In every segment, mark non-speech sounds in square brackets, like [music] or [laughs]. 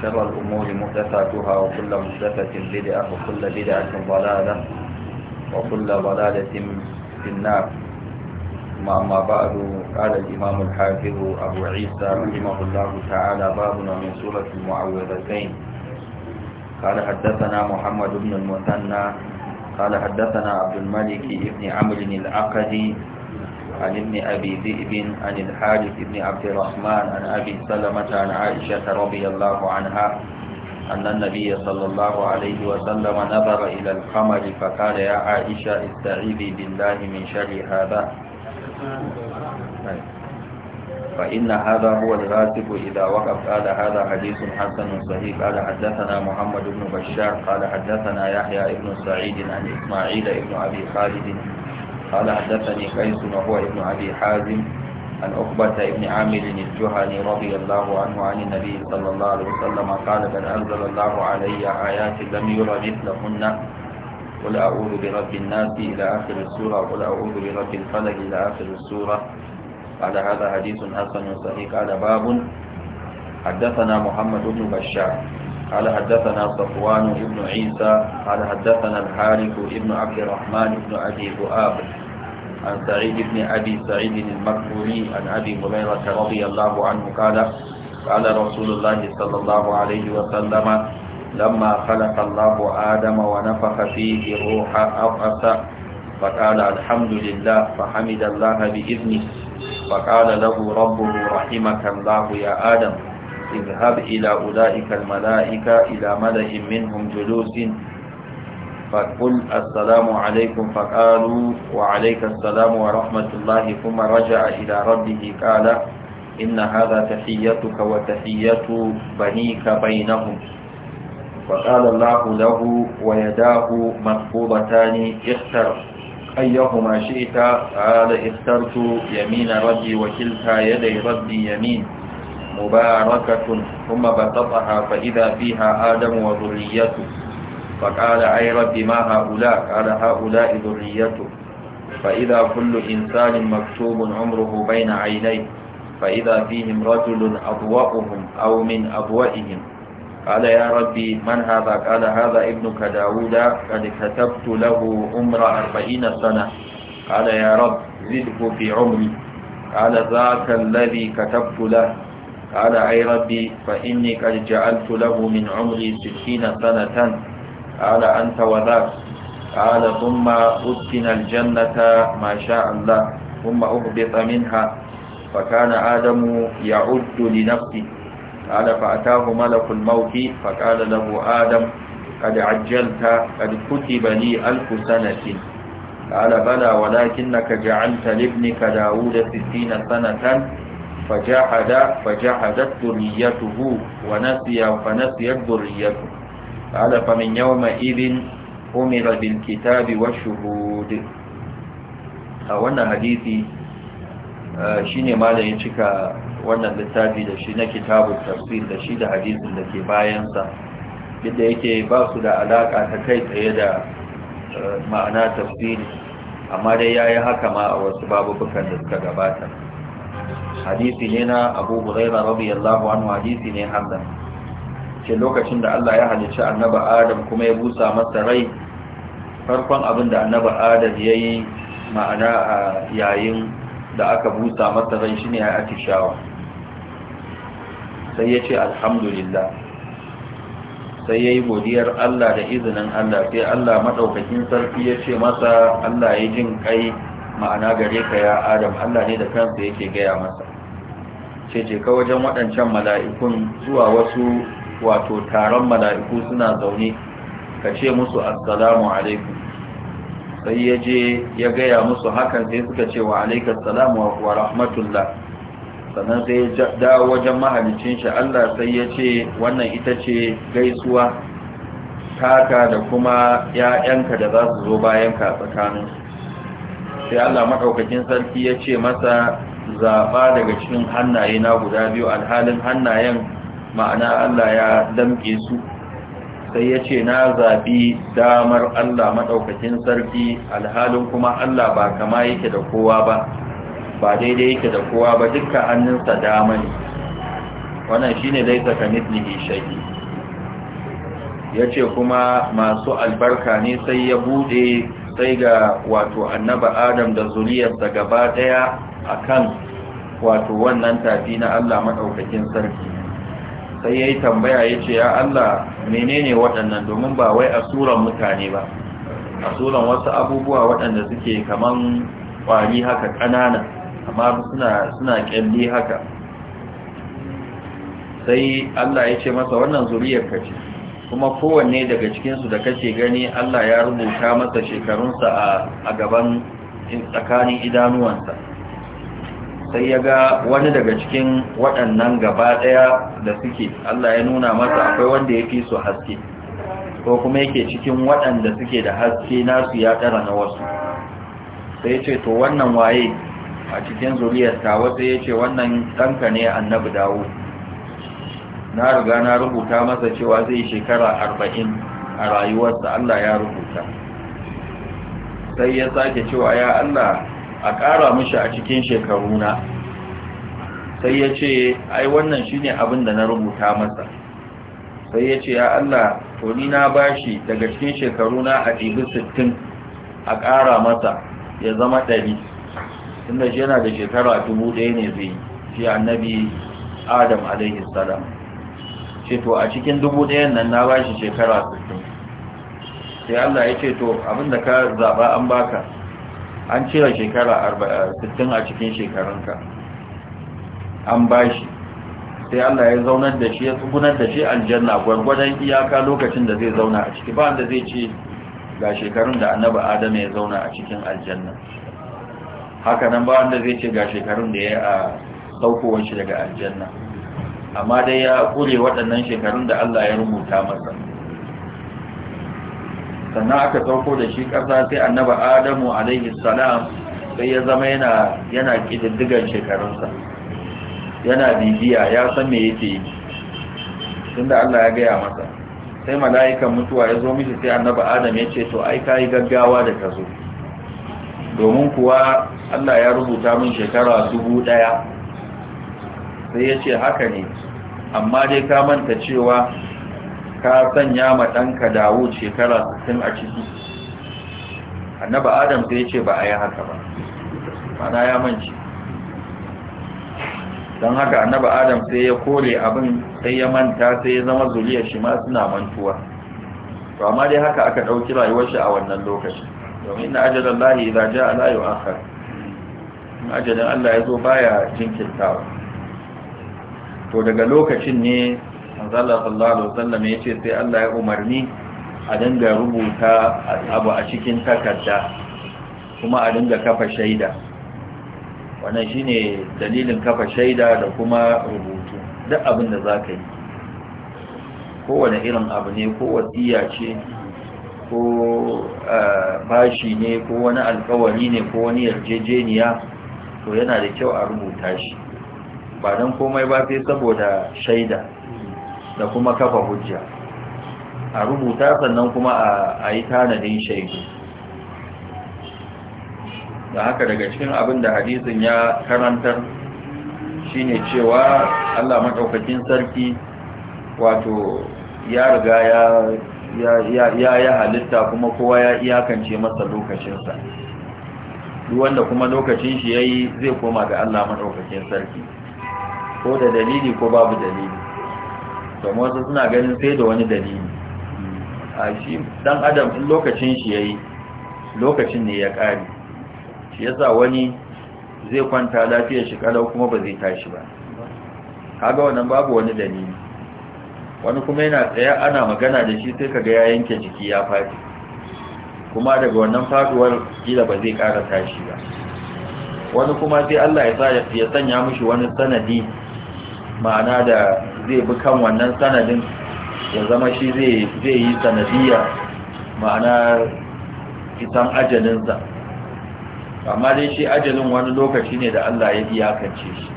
وشر الأمور محدثاتها وكل محدثة بدعة وكل بدعة ضلالة وكل ضلالة في النار أما بعد قال الإمام الحافظ أبو عيسى رحمه الله تعالى باب من سورة المعوذتين قال حدثنا محمد بن المثنى قال حدثنا عبد الملك بن عمرو العقدي عن ابن أبي ذئب عن الحارث بن عبد الرحمن عن أبي سلمة عن عائشة رضي الله عنها أن النبي صلى الله عليه وسلم نظر إلى القمر فقال يا عائشة استعيذي بالله من شر هذا فإن هذا هو الغاسب إذا وقف قال هذا حديث حسن صحيح قال حدثنا محمد بن بشار قال حدثنا يحيى بن سعيد عن إسماعيل بن أبي خالد قال حدثني قيس وهو ابن أبي حازم عن عقبة ابن عامر الجهني رضي الله عنه عن النبي صلى الله عليه وسلم قال بل أنزل الله علي آيات لم ير مثلهن قل أعوذ برب الناس إلى آخر السورة قل أعوذ برب الفلك إلى آخر السورة قال هذا حديث حسن صحيح قال باب حدثنا محمد بن بشار قال حدثنا صفوان بن عيسى قال حدثنا الحارث بن عبد الرحمن بن أبي ذؤاب عن سعيد بن أبي سعيد المكبولي عن أبي هريرة رضي الله عنه قال قال رسول الله صلى الله عليه وسلم لما خلق الله آدم ونفخ فيه روح أفأس فقال الحمد لله فحمد الله بإذنه فقال له ربه رحمك الله يا آدم اذهب إلى أولئك الملائكة إلى ملئ منهم جلوس فقل السلام عليكم فقالوا وعليك السلام ورحمة الله ثم رجع إلى ربه قال إن هذا تحيتك وتحية بنيك بينهم فقال الله له ويداه مخفوضتان اختر أيهما شئت قال اخترت يمين ربي وكلتا يدي ربي يمين مباركة ثم بسطها فإذا فيها آدم وذريته فقال أي رب ما هؤلاء قال هؤلاء ذريته فإذا كل إنسان مكتوب عمره بين عينيه فإذا فيهم رجل أضوأهم أو من أضوئهم قال يا ربي من هذا قال هذا ابنك داود قد كتبت له عمر أربعين سنة قال يا رب زده في عمري قال ذاك الذي كتبت له قال أي ربي فإني قد جعلت له من عمري ستين سنة قال أنت وذاك قال ثم أدخل الجنة ما شاء الله ثم أهبط منها فكان آدم يعد لنفسه قال فأتاه ملك الموت فقال له آدم قد عجلت قد كتب لي ألف سنة قال بلى ولكنك جعلت لابنك داود ستين سنة فجحد فجحدت ذريته ونسي فنسيت ذريته قال فمن يومئذ أمر بالكتاب والشهود Wannan حديثي shine malamin cika wannan littafi da shi na kitabu tafsir da shi da hadisin da ke bayansa yadda yake ba su da alaka ta kai tsaye da ma'ana tafsiri amma dai ya yi haka ma a wasu babubukan da suka gabata hadisi ne na abu huraira radiyallahu anhu hadisi ne hasan ce lokacin da Allah ya halicci annaba Adam kuma ya busa masa rai farkon abin da annaba Adam ya yi ma'ana a yayin da aka busa masa rai shine ya atishawa sai ya ce alhamdulillah sai ya yi godiyar Allah da izinin Allah sai Allah maɗaukakin sarki ya ce masa Allah ya jin kai ma'ana gare ka ya Adam Allah ne da kansa yake gaya masa ce ce ka wajen waɗancan mala'ikun zuwa wasu wato taron mala'iku suna zaune ka ce musu assalamu alaikum sai ya je ya gaya musu hakan sai suka ce wa alaikar salamu wa rahmatullah sannan sai ya dawo wajen mahalicin shi Allah sai ya ce wannan ita ce gaisuwa taka da kuma ‘ya'yanka da za su zo ka tsakanin sai Allah maɗaukakin sarki ya ce masa zaɓa daga cikin hannaye na guda biyu alhalin hannayen ma'ana Allah ya damke su sai ya ce na zaɓi damar Allah maɗaukakin sarki alhalin kuma Allah ba kama yake da kowa ba ba daidai yake da kowa ba dukkan hannunsa dama ne wannan shine ne laisa ka ne shaƙi ya ce kuma masu albarka ne sai ya buɗe sai ga wato annaba adam da zuriyarsa gaba ɗaya a kan wato wannan tafi na Allah maɗaukakin sarki sai ya yi tambaya ya ce ya Allah menene waɗannan domin ba wai asuran mutane ba a suran wasu abubuwa waɗanda suke kaman ƙwari haka ƙanana amma suna suna ƙyalli haka sai Allah ya ce masa wannan zuriyar ka ce kuma kowanne daga cikinsu da kace gani Allah ya rubuta masa shekarunsa a gaban tsakanin idanuwansa sai ya ga wani daga cikin waɗannan gaba ɗaya da suke Allah ya nuna masa akwai wanda ya fi su haske ko kuma yake cikin waɗanda suke da haske nasu ya ɗara na wasu sai ce to wannan waye a cikin zuriyarta wasu ya ce wannan ɗanka ne annabi dawo na riga na rubuta masa cewa zai shekara arba'in a rayuwarsa Allah ya rubuta sai ya sake cewa ya Allah a ƙara mishi a cikin shekaruna sai ya ce ai wannan shine abin da na rubuta masa sai ya ce ya Allah to ni na bashi daga cikin shekaruna a ɗibi sittin a ƙara masa ya zama ɗari inda shi yana da shekara dubu ɗaya ne zai shi annabi adam alaihi salam ce to a cikin dubu ɗayan nan na bashi shekara sittin sai Allah ya ce to abinda ka zaɓa an baka an cire shekara 60 eh, a cikin shekarunka an bashi sai Allah ya zaunar da shi ya tsugunar da shi aljanna gwargwadon iyaka lokacin da zai zauna a ciki ba wanda zai ce ga shekarun da annabi adam ya zauna a cikin aljanna haka nan ba wanda zai ce ga shekarun da ya a saukowar shi daga aljanna amma dai ya kure waɗannan shekarun da Allah ya rubuta masa sannan aka sauko da shi ƙasa sai annaba adamu alaihi salam sai ya zama yana yana ƙididdigan shekarunsa yana bibiya ya san me yake yi tunda Allah ya gaya masa sai mala'ikan mutuwa ya zo mishi sai annaba adam ya ce to ai ka yi gaggawa da ka zo domin kuwa Allah ya rubuta min shekara dubu ɗaya sai ya ce haka ne amma dai ka manta cewa ka sanya ma ɗanka dawo shekara 60 a ciki annaba adam sai ce ba a yi haka ba mana ya manci don haka annaba adam sai ya kore abin sai ya manta sai ya zama zuriyar shi ma suna mantuwa to amma dai haka aka ɗauki rayuwar shi a wannan lokaci domin na ajalar lahi idan ja a layu akhar ajalin Allah ya zo baya jinkirtawa to daga lokacin ne manzala sallallahu alaihi wasallam ya ce sai Allah ya umarni a dinga rubuta abu a cikin takarda kuma a dinga kafa shaida wannan shine dalilin kafa shaida da kuma rubutu duk abin da zaka yi kowane irin abu ne ko wasiya ce ko eh, bashi ne ko wani alkawari ne ko wani yarjejeniya to yana da kyau a rubuta shi ba don komai ba sai saboda shaida da kuma kafa hujja a rubuta sannan kuma a yi tanadin shaidu da haka daga cikin abin da hadisin ya karantar shine cewa Allah maɗaukakin sarki wato ya riga ya ya halitta kuma kowa ya iyakance masa lokacinsa wanda kuma lokacin shi yayi zai koma ga Allah maɗaukakin sarki ko da dalili ko babu dalili domin wasu suna ganin sai da wani dalili a shi dan adam in lokacin shi yayi lokacin ne ya kare shi yasa wani zai kwanta lafiyar shi kalau kuma ba zai tashi ba kaga wannan babu wani dalili wani kuma yana tsaye ana magana da shi sai kaga ya yanke jiki ya fadi kuma daga wannan faduwar kila ba zai kara tashi ba wani kuma sai Allah ya sanya mushi wani sanadi ma'ana da zai bi kan wannan sanadin ya zama shi zai yi sanadiyya ma'ana isan ajalinsa amma dai shi ajalin wani lokaci ne da Allah ya iyakance shi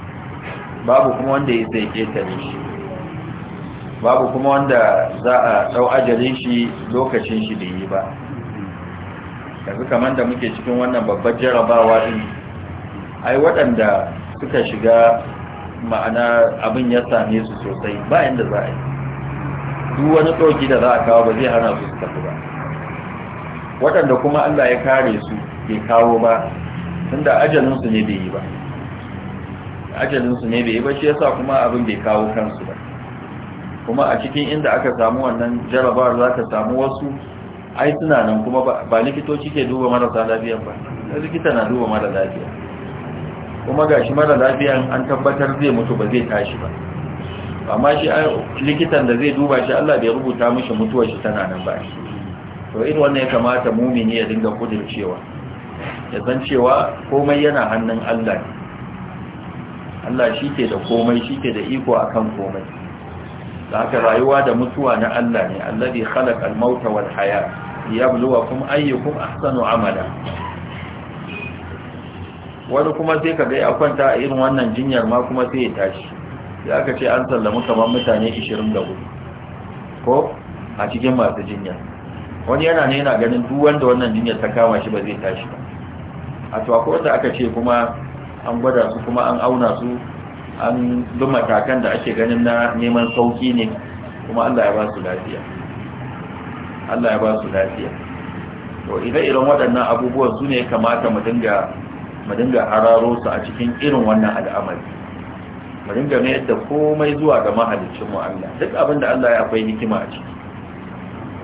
babu kuma wanda ya zai ƙetare shi babu kuma wanda za a ɗau ajalin shi lokacin shi da yi ba yanzu kamar da muke cikin wannan babbar jarabawa ɗin ai waɗanda suka shiga ma'ana abin ya same su sosai bayan da za a yi duk wani ɗauki da za a kawo ba zai hana su su tafi ba waɗanda kuma allah ya kare su bai kawo ba da ajalinsu ne bai yi ba ajalinsu ne bai yi ba shi yasa kuma abin bai kawo kansu ba kuma a cikin inda aka samu wannan jarabawar za ka samu wasu ai suna nan kuma ba likitoci ke duba marasa lafiya ba likita na duba mara lafiya kuma gashi mara lafiyan an tabbatar zai mutu ba zai tashi ba amma shi likitan da zai duba shi Allah bai rubuta mishi mutuwar shi tana nan ba to in wannan ya kamata mumini ya dinga kudircewa ya san cewa komai yana hannun Allah ne Allah shi ke da komai shi ke da iko akan komai da haka rayuwa da mutuwa na Allah ne allazi khalaqa al-mauta wal hayat liyabluwakum ayyukum ahsanu amala wani kuma sai ka ga ya kwanta a irin wannan jinyar ma kuma sai ya tashi sai aka ce an sallamu kamar mutane 24 ko a cikin masu jinyar wani yana ne yana ganin duk wanda wannan jinyar ta kama shi ba zai tashi ba a to akwai wanda aka ce kuma an gwada su kuma an auna su an duk matakan da ake ganin na neman sauki ne kuma Allah ya ba su lafiya Allah ya ba su lafiya to idan irin waɗannan abubuwan su ne kamata mu dinga mu dinga hararo su a cikin irin wannan al'amari mu dinga mayar da komai zuwa ga mahalicin mu Allah duk abin da Allah ya akwai hikima a ciki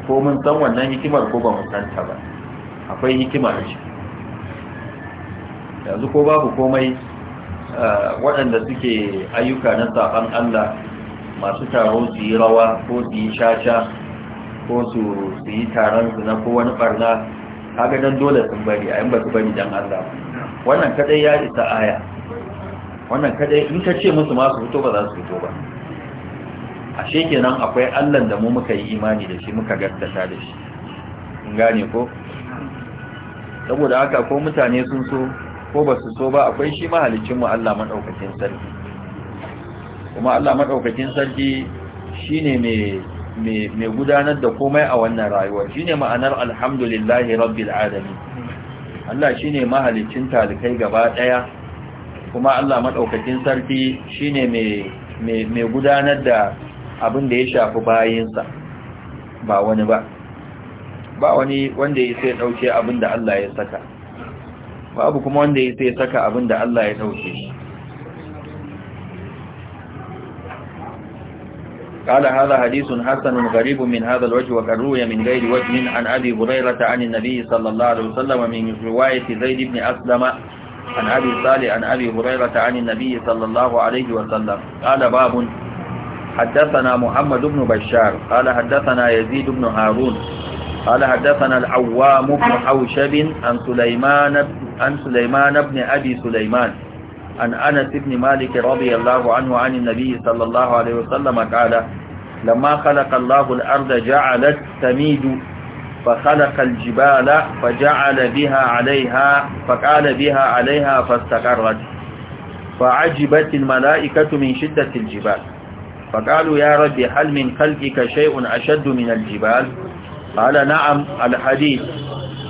ko mun san wannan hikimar ko ba mu san ta ba akwai hikima a ciki yanzu ko babu komai waɗanda suke ayyuka na saɓan Allah masu taro su yi rawa ko su yi shasha ko su yi taron su na ko wani ɓarna kaga don dole sun bari a yin ba su bari don Allah wannan kadai ya isa aya wannan kadai in ka ce musu masu fito ba za su fito ba A kenan akwai allan da mu muka yi imani da shi muka gaskata da shi in gane ko saboda haka ko mutane sun so ko ba su so ba akwai shi mahalicin mu Allah madaukakin sarki kuma Allah madaukakin sarki shine ne mai gudanar da komai a wannan Shi shine ma'anar alhamdulillahi rabbil alamin Allah shi ne mahalicin talikai gaba ɗaya kuma Allah maɗaukakin sarki shi ne mai gudanar da abin da ya shafi bayinsa ba wani ba ba wani wanda ya sai ɗauke abin da Allah ya saka babu kuma wanda ya sai saka abin da Allah ya ɗauke. shi قال هذا حديث حسن غريب من هذا الوجه وكروي من غير وجه عن أبي هريرة عن النبي صلى الله عليه وسلم من رواية زيد بن أسلم عن أبي صالح عن أبي هريرة عن النبي صلى الله عليه وسلم قال باب حدثنا محمد بن بشار قال حدثنا يزيد بن هارون قال حدثنا العوام بن حوشب عن سليمان عن سليمان بن أبي سليمان عن أنس بن مالك رضي الله عنه عن النبي صلى الله عليه وسلم قال لما خلق الله الأرض جعلت تميد فخلق الجبال فجعل بها عليها فقال بها عليها فاستقرت فعجبت الملائكة من شدة الجبال فقالوا يا رب هل من خلقك شيء أشد من الجبال قال نعم الحديث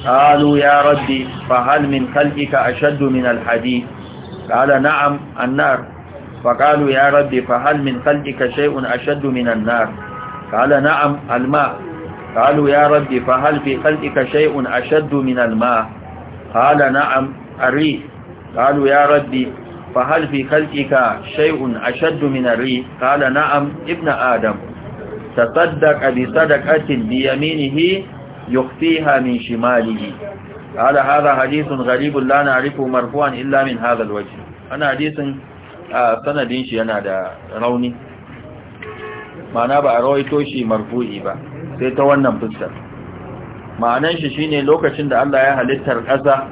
قالوا يا رب فهل من خلقك أشد من الحديث قال نعم النار فقالوا يا ربي فهل من خلقك شيء أشد من النار قال نعم الماء قالوا يا ربي فهل في خلقك شيء أشد من الماء قال نعم الريح قالوا يا ربي فهل في خلقك شيء أشد من الريح قال نعم ابن آدم تصدق بصدقة بيمينه يخفيها من شماله قال هذا حديث غريب لا نعرفه مرفوعا إلا من هذا الوجه أنا حديث sanadin shi yana da rauni ma'ana ba a rawaito shi marfu'i ba sai ta wannan fuskar ma'anan shi shine lokacin da Allah ya halittar ƙasa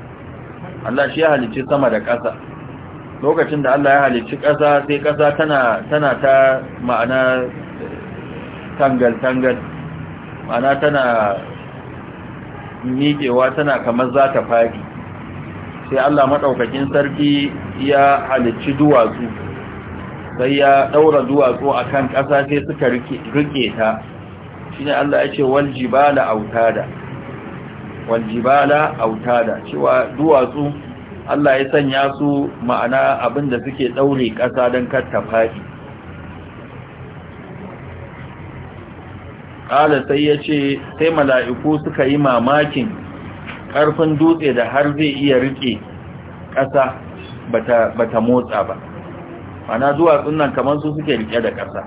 da ƙasa lokacin da Allah ya halicci kasa sai kasa tana tana ta ma'ana tangal tangal ma'ana tana miƙewa tana kamar za ta fadi sai Allah maɗaukakin sarki ya halicci duwatsu sai ya ɗaura duwatsu a kan ƙasa sai suka rike ta shi ne Allah ya ce waljibala autada waljibala autada cewa duwatsu Allah ya sanya su ma'ana abinda suke ɗaure ƙasa don kar ta fadi ƙala sai ya ce sai mala'iku suka yi mamakin ƙarfin dutse da har zai iya riƙe ƙasa ba ta motsa ba mana zuwa tsunan kamar su suke riƙe da ƙasa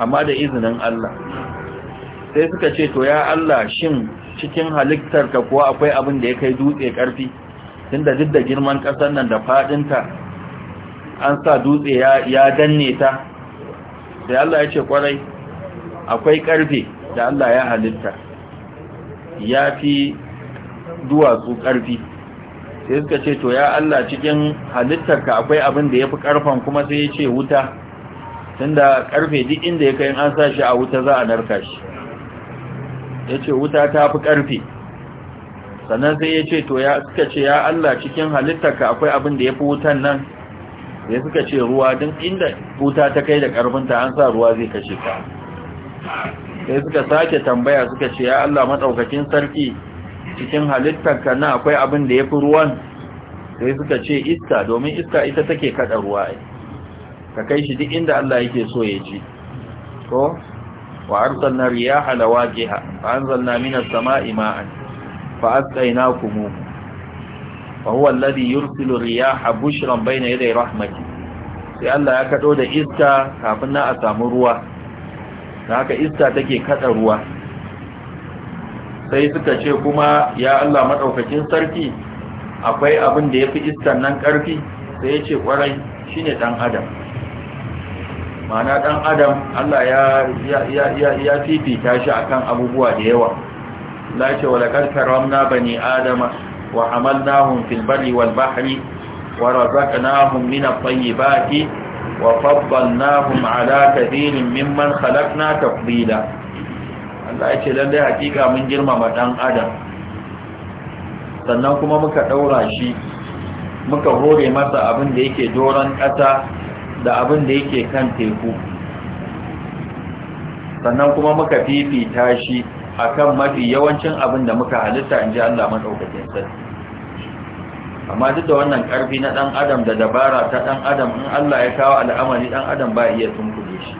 amma da izinin Allah sai suka ce to ya Allah shin cikin halittar ka kuwa akwai abin da ya kai dutse ƙarfi tun da duk da girman ƙasar nan da faɗinta an sa dutse ya danne ta sai Allah ya ce kwarai akwai karfe da Allah ya halitta ya fi duwatsu karfi sai suka ce to ya Allah cikin halittarka akwai abin da ya fi karfan kuma sai ya ce wuta tunda karfe duk inda ya kai an sa shi a wuta za a narka shi ya ce wuta ta fi karfe sannan sai ya ce to ya suka ce ya Allah cikin halittarka akwai abin da ya fi wutan nan sai suka ce ruwa duk inda wuta ta kai da karfinta an sa ruwa zai kashe ka sai suka sake tambaya suka ce ya Allah madaukakin sarki cikin halittarka na akwai abin da ya fi ruwan sai suka ce iska domin iska ita take kada ruwa ka kai shi duk inda Allah yake so ya ji ko wa arsalna riyaha lawajiha fa anzalna minas sama'i ma'an fa asqaynakum fa huwa alladhi yursilu riyaha bushran bayna yaday rahmatihi sai Allah ya kado da iska kafin na a samu ruwa da haka ista take katsa ruwa sai suka ce kuma ya Allah maɗaukakin sarki akwai abin da ya fi iskan nan ƙarfi sai ya ce ƙwarai shi ne ɗan adam mana ɗan adam Allah ya fifita shi a kan abubuwa da yawa lace wa laƙar karamna bani adama wa hamalnahum fil bari wal bahri wa razaqnahum mina at-tayyibati وفضلناهم على كثير ممن خلقنا تفضيلا Allah ya ce lallai hakika mun girmama dan adam sannan kuma muka daura shi muka hore masa abin da yake doron ƙasa da abin da yake kan teku sannan kuma muka fifita shi akan mafi yawancin abin da muka halitta in ji Allah madaukakin sarki amma duk da wannan karfi na dan adam da dabara ta dan adam in Allah ya kawo al'amari dan adam ba iya tunkuje shi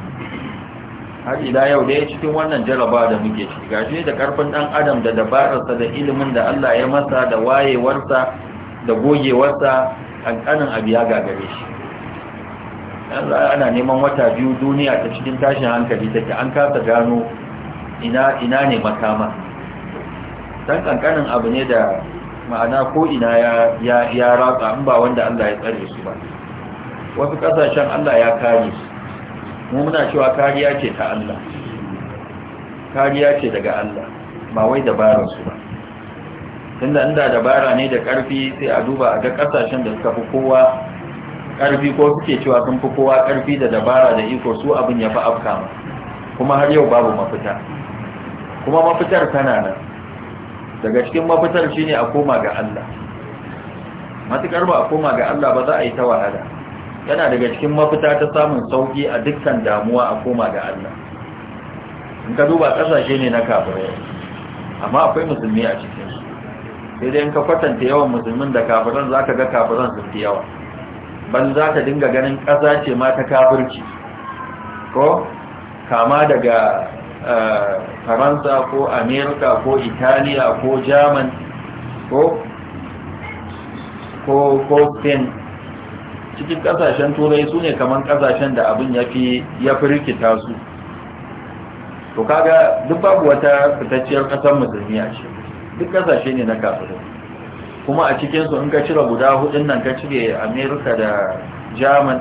har ila yau dai cikin wannan jaraba da muke ciki gashi da karfin dan adam da dabararsa da ilimin da Allah ya masa da wayewarsa da gogewarsa kankanin abu ya gagare shi ana neman wata biyu duniya ta cikin tashin hankali take an kasa gano ina ina ne makama dan kankanin abu ne da ma'ana ko ina ya ya ratsa in ba wanda Allah ya tsare su ba wasu kasashen Allah ya kare su mu muna cewa kariya ce ta Allah kariya ce daga Allah ba wai dabarar su ba tunda inda dabara ne da karfi sai a duba a ga kasashen da suka fi kowa karfi ko suke cewa sun fi kowa karfi da dabara da iko su abin ya fi afkama, kuma har yau babu mafita kuma mafitar tana nan daga cikin mafitar shine a koma ga Allah matukar ba a koma ga Allah ba za a yi ta wahala yana daga cikin mafita ta samun sauki a dukkan damuwa a koma ga Allah in ka duba kasashe ne na kafirai amma akwai musulmi a cikin sai dai in ka kwatanta yawan musulmin da kafiran zaka ga kafiran su fi yawa ban za ka dinga ganin ƙasa ce ma ta kafirci ko kama daga faransa ko amerika ko italiya ko german ko ko spain cikin kasashen turai su ne kamar kasashen da abin ya fi rikita su to kaga duk babu wata fitacciyar kasar musulmi a ce duk kasashe ne na kafirin kuma a cikinsu in ka cire guda hudun nan ka cire amerika da german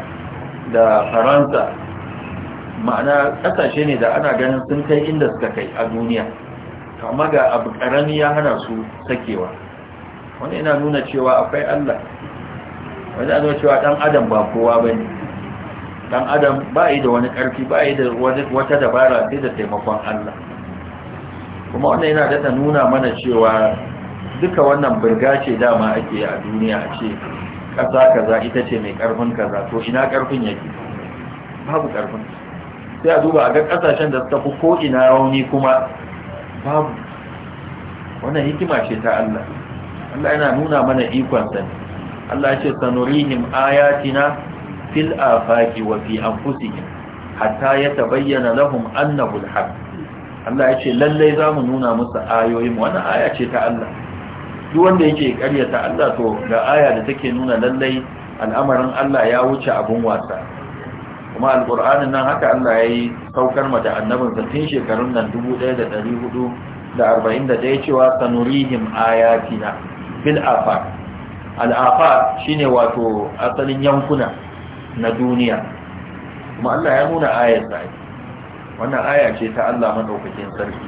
da faransa ma'ana ƙasashe ne da ana ganin sun kai inda suka kai a duniya kama ga abu ƙarami ya hana su sakewa wani yana nuna cewa akwai Allah wani yana nuna cewa ɗan adam ba kowa ba ne ɗan adam ba yi da wani ƙarfi ba yi da wata dabara sai da taimakon Allah kuma wannan yana daɗa nuna mana cewa duka wannan birga ce dama ake a duniya a ce ƙasa kaza ita ce mai ƙarfin kaza to ina ƙarfin yake babu ƙarfin sai a duba a ga kasashen da suka fi ko ina rauni kuma babu wannan hikima ce ta Allah Allah yana nuna mana ikon sa Allah ya ce sanurihim ayatina fil afaqi wa fi anfusihim hatta yatabayyana lahum annahu al-haq Allah ya ce lallai za mu nuna musu ayoyin wannan aya ce ta Allah duk wanda yake karyata Allah to ga aya da take nuna lallai al'amarin Allah ya wuce abun wasa kuma alƙur'anin nan haka Allah ya yi saukar mata annabinsa tun shekarun nan da ɗaya cewa sanurihim ayatina fil afar. al shi shine wato asalin yankuna na duniya kuma Allah ya nuna ayar sai wannan aya ce ta Allah madaukakin sarki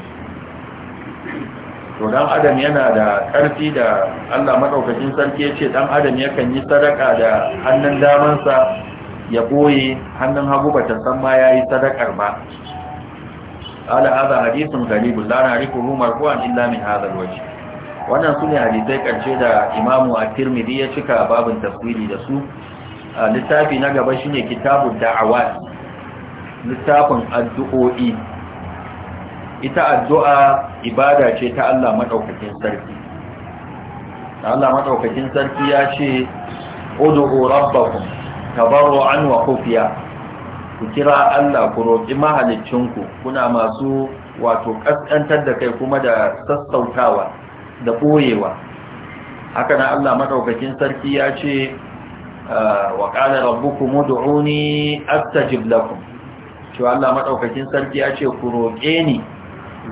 to dan adam yana da karfi da Allah madaukakin sarki yace dan adam yakan yi sadaka da hannun damansa ya boye hannun hagu ba ta san ma yayi sadakar ba ala hada hadithun garibu la na'rifuhu marfu'an illa min hadha alwajh wannan ne hadisai karshe da Imam a tirmidhi ya cika babin tafsiri da su littafi na gaba shine kitabun da'awat littafin addu'o'i ita addu'a ibada ce ta Allah madaukakin sarki Allah madaukakin sarki ya ce ud'u rabbakum tabarru'an wa khufiya ku kira Allah ku roƙi mahaliccinku kuna masu wato ƙasƙantar da kai kuma da sassautawa da ɓoyewa haka na Allah maɗaukakin sarki ya ce ah, wa ƙalar rabbukum ud'uni astajib lakum to Allah maɗaukakin sarki ya ce ku roƙe ni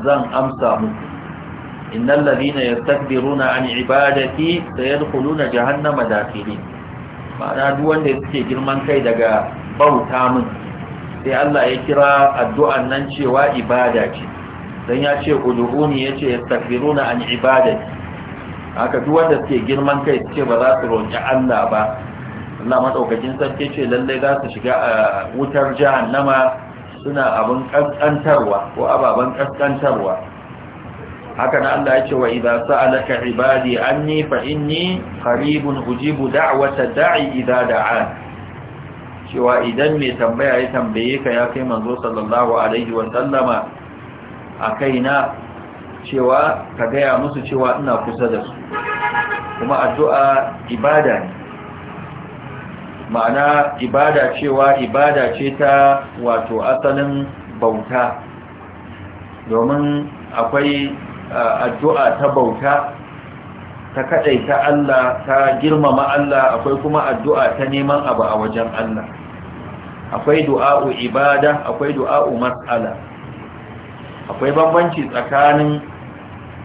zan amsa muku innal ladina yastakbiruna an ibadati sayadkhuluna jahannama dakhirin ma'ana duk wanda suke girman kai daga bauta min sai Allah ya kira addu'an nan cewa ibada ce dan ya ce ud'uni yace yastaghfiruna an ibadati haka duk wanda suke girman kai suke ba za su roƙi Allah ba Allah madaukakin sarki ce lalle za su shiga wutar jahannama suna abin kaskantarwa ko ababen kaskantarwa haka na Allah ya ce wa idza sa'alaka ibadi anni fa inni qaribun ujibu da'wata da'i idza da'an cewa idan mai tambaya ya tambaye ka ya kai manzo sallallahu alaihi wa sallama a kaina cewa ka gaya musu cewa ina kusa da su kuma addu'a ibada ne ma'ana ibada cewa ibada ce ta wato asalin bauta domin akwai addu'a ta bauta ta kaɗai ta Allah ta girmama Allah akwai kuma addu'a ta neman abu a wajen Allah akwai du'a'u ibada akwai du'a'u mas'ala akwai bambanci tsakanin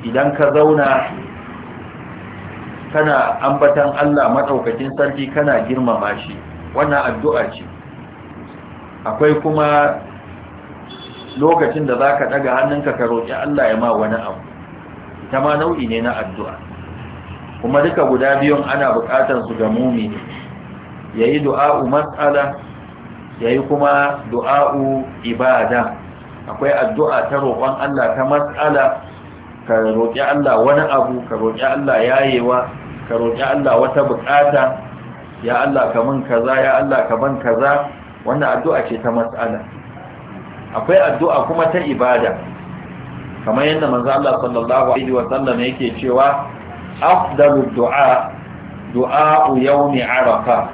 idan ka zauna kana ambatan Allah maɗaukakin sarki kana girmama shi wannan addu'a ce akwai kuma lokacin da za ka ɗaga hannunka ka roƙi Allah ya ma wani abu ita ma nau'i ne na addu'a kuma duka guda biyun ana bukatar su ga Ya yi du'a'u mas'ala yi kuma du'a'u ibada akwai addu'a ta roƙon Allah ta mas'ala ka roƙi Allah wani abu ka roƙi Allah yayewa ka roƙi Allah wata bukata ya Allah ka min kaza ya Allah ka ban kaza wannan addu'a ce ta mas'ala akwai addu'a kuma ta ibada kamar yadda manzo Allah sallallahu alaihi wa sallam yake cewa afdalu du'a du'a yawmi arafa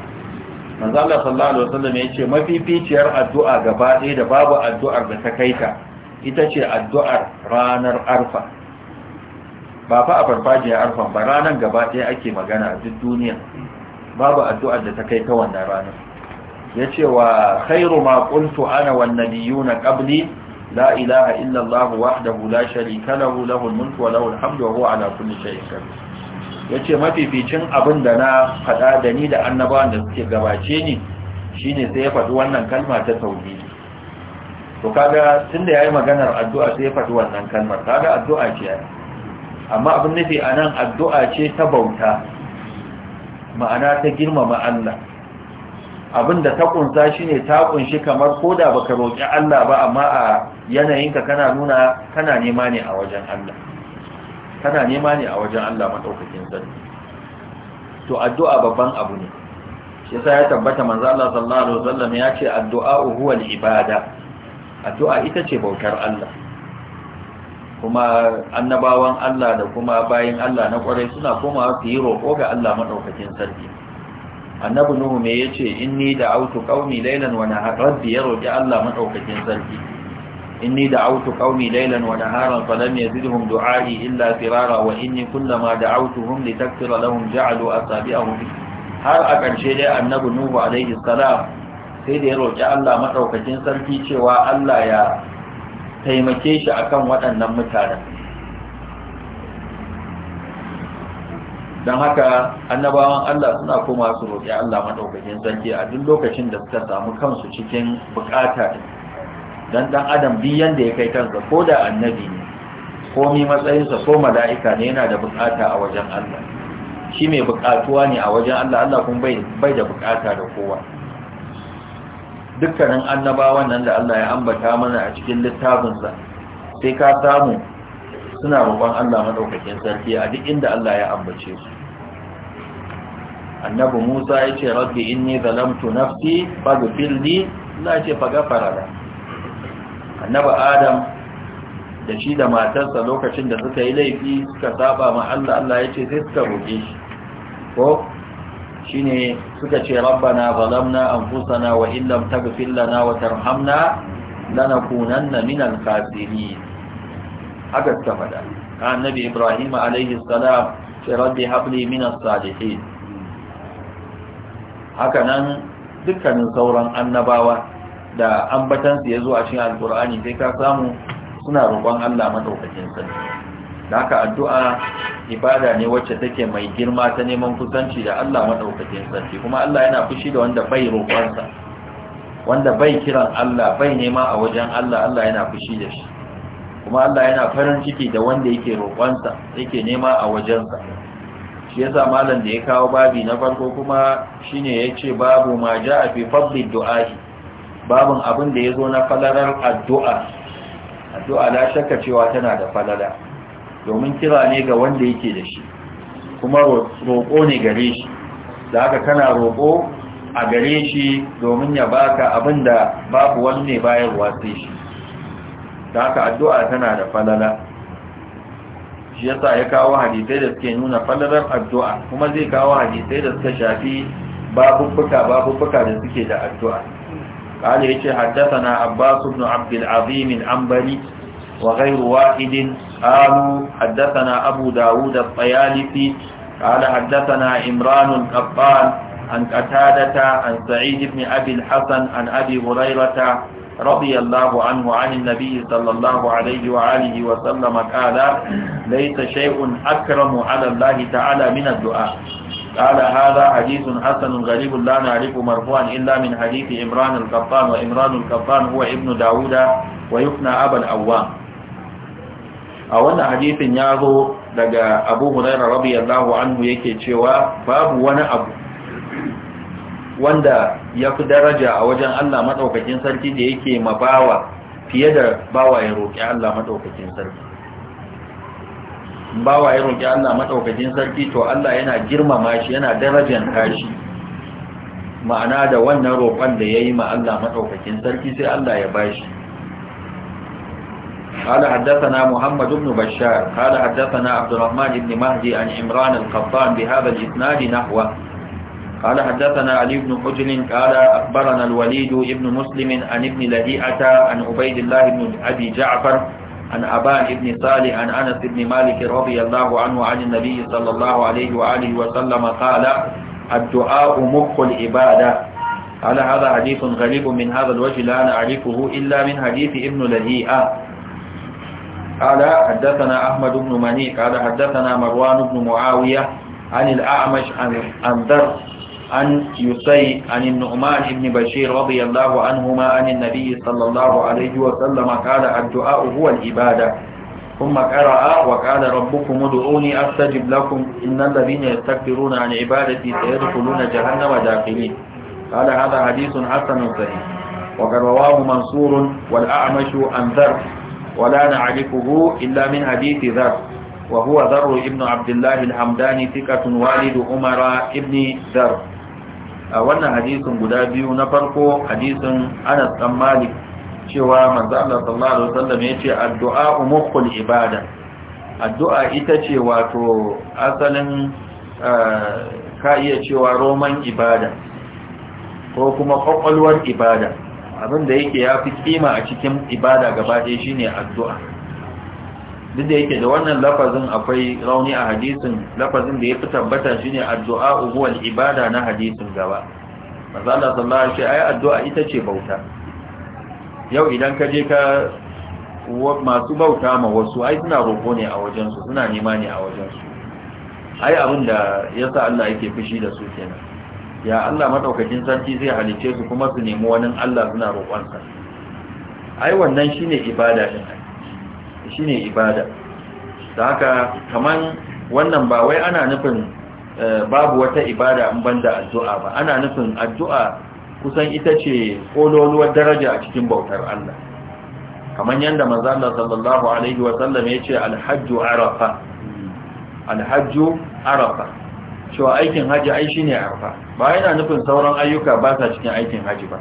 manzo Allah sallallahu alaihi wa sallam yace mafificiyar addu'a gaba ɗaya da babu addu'ar da ta kaita ita ce addu'ar ranar arfa ba fa a farfajiyar arfa ba ranar gaba ɗaya ake magana a duk duniya babu addu'ar da ta kai ta wannan ranar yace wa khairu ma qultu ana wan nabiyuna qabli لا إله إلا الله وحده لا شريك له له الملك وله الحمد وهو على كل شيء قدير yace mafificin abin da na faɗa da ni da annabawan da suke gabace ni shine sai ya faɗi wannan kalma ta tauhidi to kaga tunda yayi maganar addu'a sai ya faɗi wannan kalmar kaga addu'a ce amma abin nufi anan addu'a ce ta bauta ma'ana ta girmama Allah abin da ta kunsa shine ta kunshi kamar koda baka roki Allah ba amma a yanayinka kana nuna kana nema ne a wajen Allah kana nema ne a wajen Allah madaukakin sarki to addu'a babban abu ne shi yasa ya tabbata manzo Allah sallallahu alaihi wasallam ya ce addu'a huwa al-ibada addu'a ita ce bautar Allah kuma annabawan Allah da kuma bayin Allah na kwarai suna komawa su yi roƙo ga Allah madaukakin sarki annabi nuhu me yace inni da'awtu qaumi laylan wa nahara rabbi ya roƙi Allah madaukakin sarki Inni إني دعوت قومي ليلا ونهارا فلم يزدهم دعائي إلا wa وإني kullama دعوتهم لتكفر لهم جعلوا أصابعهم har a ƙarshe dai annabi Nuhu alaihi salam sai da ya roƙi Allah madaukakin sarki cewa Allah ya taimake shi akan waɗannan mutanen don haka annabawan Allah suna koma su roƙi Allah maɗaukakin sarki a duk lokacin da suka samu kansu cikin bukata dan dan adam biyan da ya kai kansa ko da annabi ne ko mi matsayinsa ko mala'ika ne yana da bukata a wajen Allah shi mai bukatuwa ne a wajen Allah Allah kun bai da bukata da kowa dukkanin annabawan nan da Allah ya ambata mana a cikin littafinsa sai ka samu suna roƙon Allah madaukakin sarki a duk inda Allah ya ambace su annabi Musa ya ce rabbi inni zalamtu nafsi faghfir li la ce farada. annaba adam da shi da matarsa lokacin da suka yi laifi suka saba ma Allah Allah ya ce sai suka roƙe shi ko shi ne suka ce rabbana zalamna anfusana wa illam taghfir lana wa tarhamna lanakunanna minal khasirin haka suka faɗa annabi Ibrahim alaihi salam ce rabbi habli minas salihin haka nan dukkanin sauran annabawa da ambatansu ya zo a cikin alkur'ani sai ka samu suna roƙon Allah madaukakin sarki da haka addu'a ibada ne wacce take mai girma ta neman kusanci da Allah madaukakin sarki kuma Allah yana fushi da wanda bai roƙonsa wanda bai kiran Allah bai nema a wajen Allah Allah yana fushi da shi kuma Allah yana farin ciki da wanda yake roƙonsa yake nema a wajensa shi yasa malam da ya kawo babi na farko kuma shine yace babu ma ja'a fi fadli du'a'i babin abin da ya zo na falalar addu'a addu'a la shakka cewa tana da falala domin kira ne ga wanda yake da shi kuma roƙo ne gare shi da haka kana roƙo a gare shi domin ya baka abin da babu wani ne bayarwa sai shi da haka addu'a tana da falala shi yasa ya kawo hadisai da suke nuna falalar addu'a kuma zai kawo hadisai da suka shafi babu-buka, babu fuka da suke da addu'a قال يتي حدثنا عباس بن عبد العظيم العنبري وغير واحد قالوا حدثنا أبو داود الطيالسي قال حدثنا إمران القبان عن قتادة عن سعيد بن أبي الحسن عن أبي هريرة رضي الله عنه عن النبي صلى الله عليه وآله وسلم قال ليس شيء أكرم على الله تعالى من الدعاء قال هذا حديث حسن غريب لا نعرف مرفوعا إلا من حديث إمران القطان وإمران القطان هو ابن داود ويفنى أبا الأوام أولا حديث ياغو لقى أبو هريرة رضي الله عنه يكي شوى باب وانا أبو wanda ya fi daraja a wajen Allah maɗaukakin sarki da yake ma bawa fiye da bawa ya roƙi Allah maɗaukakin sarki ba wa yi roƙi Allah matsaukacin sarki to Allah yana girmama shi yana darajan kashi. ma'ana da wannan roƙon da ya yi ma Allah matsaukacin sarki sai Allah ya ba shi ƙada haddasana Muhammad ibn Bashar ƙada haddasana Abdulrahman ibn Mahdi an Imran al-Qattan bi hadha al-isnadi nahwa ƙada haddasana Ali ibn Hujr ƙada akhbarana al-Walid ibn Muslim an ibn Lahi'ata an Ubaydillah ibn Abi Ja'far عن أبان بن صالح عن أنس بن مالك رضي الله عنه عن النبي صلى الله عليه وآله وسلم قال الدعاء مخ العبادة على هذا حديث غريب من هذا الوجه لا نعرفه إلا من حديث ابن لهيئة قال حدثنا أحمد بن منيك قال حدثنا مروان بن معاوية عن الأعمش عن درس عن يسي عن النعمان بن بشير رضي الله عنهما عن النبي صلى الله عليه وسلم قال الدعاء هو الإبادة ثم قرأ وقال ربكم ادعوني أستجب لكم إن الذين يستكبرون عن عبادتي سيدخلون جهنم داخلين قال هذا حديث حسن صحيح وقد رواه منصور والأعمش عن ذر ولا نعرفه إلا من حديث ذر وهو ذر ابن عبد الله الحمداني ثقة والد عمر ابن ذر a wannan hadisin guda biyu na farko hadisin Anas dan Malik cewa manzo Allah sallallahu alaihi wasallam yace addu'a umukhul ibada addu'a ita ce wato asalin ka iya cewa roman ibada ko kuma ƙwaƙwalwar ibada abin da yake yafi kima a cikin ibada gaba ɗaya shine addu'a duk da yake da wannan lafazin akwai rauni a hadisin lafazin da ya fi tabbata shine addu'a huwa ibada na hadisin gaba manzo Allah sallallahu alaihi wasallam addu'a ita ce bauta yau idan ka je ka masu bauta ma wasu ai suna roƙo ne a wajen su suna nema ne a wajen su ai abin da yasa Allah yake fushi da su kenan ya Allah madaukakin sarki zai halice su kuma su nemi wani Allah suna roƙon ai wannan shine ibada din shi ne ibada da haka kaman wannan ba wai ana nufin eh, babu wata ibada in banda addu'a ba ana nufin addu'a kusan ita ce ƙololuwar daraja a cikin bautar Allah kaman yadda manzo sallallahu alaihi wa sallam ce alhajju arafa alhajju arafa cewa aikin haji ai shi ne arafa ba yana nufin sauran ayyuka ba sa cikin aikin haji ba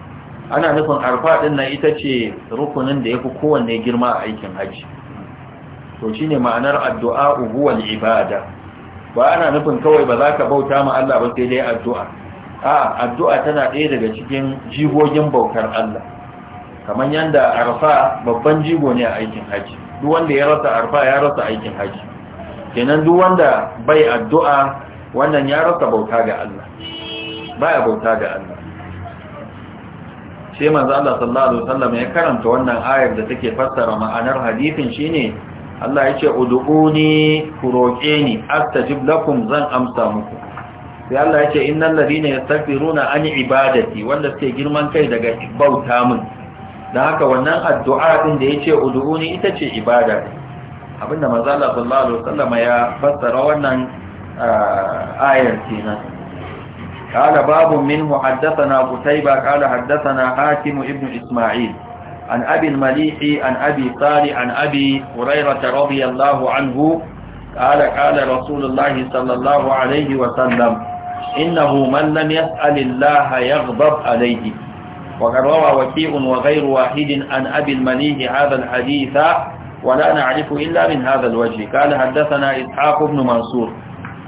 ana nufin arfa ɗin na ita ce rukunin da ya fi kowanne girma a aikin haji to shi ne ma'anar addu'a uguwal ibada ba ana nufin kawai ba za ka bauta ma Allah ba sai dai addu'a a addu'a tana ɗaya daga cikin jigogin bautar Allah kamar yadda arfa babban jigo ne a aikin haji duk wanda ya rasa arfa ya rasa aikin haji kenan duk wanda bai addu'a wannan ya rasa bauta ga Allah baya bauta ga Allah sai manzo Allah sallallahu alaihi wasallam ya karanta wannan ayar da take fassara ma'anar hadisin shine Allah ya ce ud'uni ku roƙe ni astajib lakum zan amsa muku sai Allah ya ce innal ladina yastakbiruna an ibadati wanda suke girman kai daga bauta min dan haka wannan addu'a din da yace udu'uni ita ce ibada abinda manzo Allah sallallahu alaihi wasallam ya fassara wannan ah, ayar kenan قال باب منه حدثنا قتيبة قال حدثنا Hatimu, ابن إسماعيل عن أبي المليح عن أبي طالع عن أبي هريرة رضي الله عنه قال قال رسول الله صلى الله عليه وسلم إنه من لم يسأل الله يغضب عليه وقد روى وكيع وغير واحد عن أبي المليح هذا الحديث ولا نعرف إلا من هذا الوجه قال حدثنا إسحاق بن منصور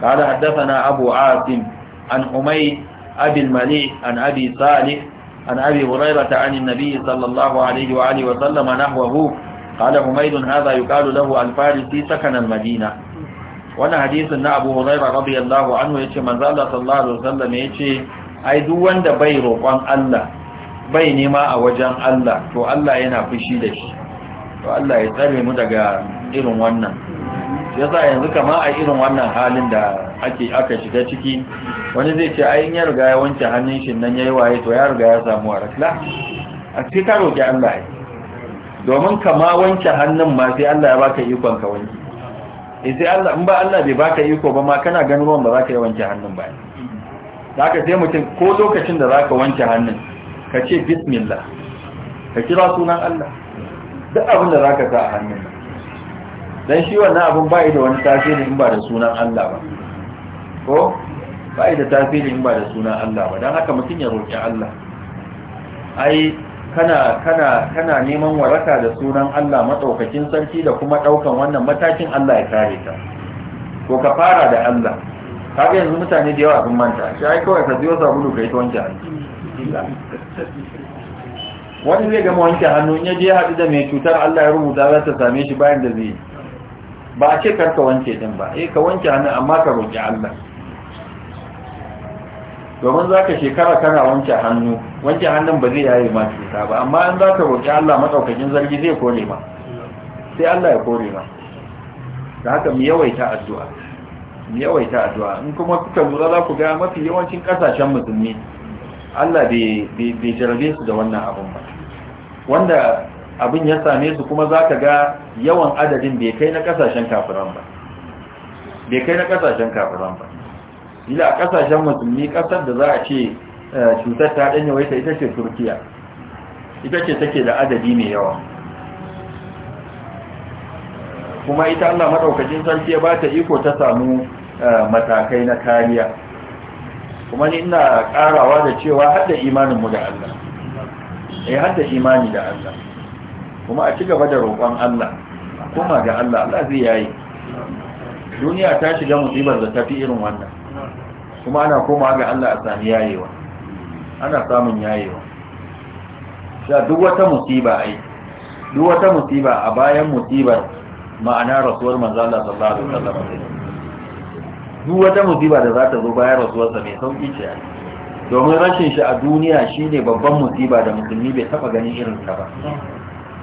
قال حدثنا أبو عاصم عن أمي أبي المليح عن أبي صالح عن أبي هريرة عن النبي صلى الله عليه وآله وسلم نحوه قال حميد هذا يقال له الفارسي سكن المدينة وانا حديث ان أبو هريرة رضي الله عنه يتشي من ذا الله صلى الله عليه وسلم يتشي أي دوان دا بي روقان الله بي نما أوجان الله تو الله ينا فشي دش تو الله يتعلم مدقى إرن وانا يسا ينذك ما أي إرن وانا حال دا ake aka shiga ciki wani zai ce ayin ya riga ya wanke hannun shi nan yayi waye to ya riga ya samu arakla a sai ka roki Allah ai domin kama wanke hannun ma sai Allah ya baka ikon ka wanke eh sai Allah in ba Allah bai baka iko ba ma kana ganin ruwan ba za ka yi wanke hannun ba zaka sai mutum ko lokacin da za ka wanke hannun ka ce bismillah ka kira sunan Allah duk abin da za ka sa a hannun dan shi wannan abin ba da wani tasiri in ba da sunan Allah ba ko ba da tasiri in ba da suna Allah ba don haka mutum ya roƙi Allah ai kana neman waraka da sunan Allah matsaukakin sarki da kuma daukan wannan matakin Allah ya kare ka ko ka fara da Allah ga yanzu mutane da yawa sun manta shi ai kawai ka biyo sabulu kai ta wanke hannu wani zai gama wanke hannu in ya je haɗu da mai cutar Allah ya rubuta za ta same shi bayan da zai ba a ce karka wanke din ba eh ka wanke hannu amma ka roƙi Allah domin za ka shekara kana wanke hannu wanke hannun ba zai yaye ma cuta ba amma an za ka roƙi allah maɗaukakin zargi zai kore ma sai allah ya kore ma da haka mu yawaita addu'a mu yawaita addu'a in kuma kuka lura za ku ga mafi yawancin ƙasashen musulmi allah bai jarabe su da wannan abin ba wanda abin ya same su kuma za ka ga yawan adadin bai kai na ƙasashen kafiran ba bai kai na ƙasashen kafiran ba ila a kasashen musulmi kasar da za a ce eh, cutar ta danya waita ita ce turkiya ita ce take da adadi mai yawa kuma ita allah maɗaukacin sarki ya ba ta iko ta samu eh, matakai na kariya kuma ni ina ƙarawa da cewa hada imaninmu da allah eh hada imani da allah kuma a ci gaba da roƙon allah kuma ga allah allah zai yayi duniya ta shiga musibar da tafi irin wannan kuma ana koma ga Allah a sami yayewa ana samun yayewa sha duk wata musiba ai duk wata musiba a bayan musibar ma'ana rasuwar manzo Allah sallallahu alaihi wasallam duk wata musiba da za ta zo bayan rasuwarsa mai sauki ce domin rashin shi a duniya shine babban musiba da musulmi bai taba ganin irin ta ba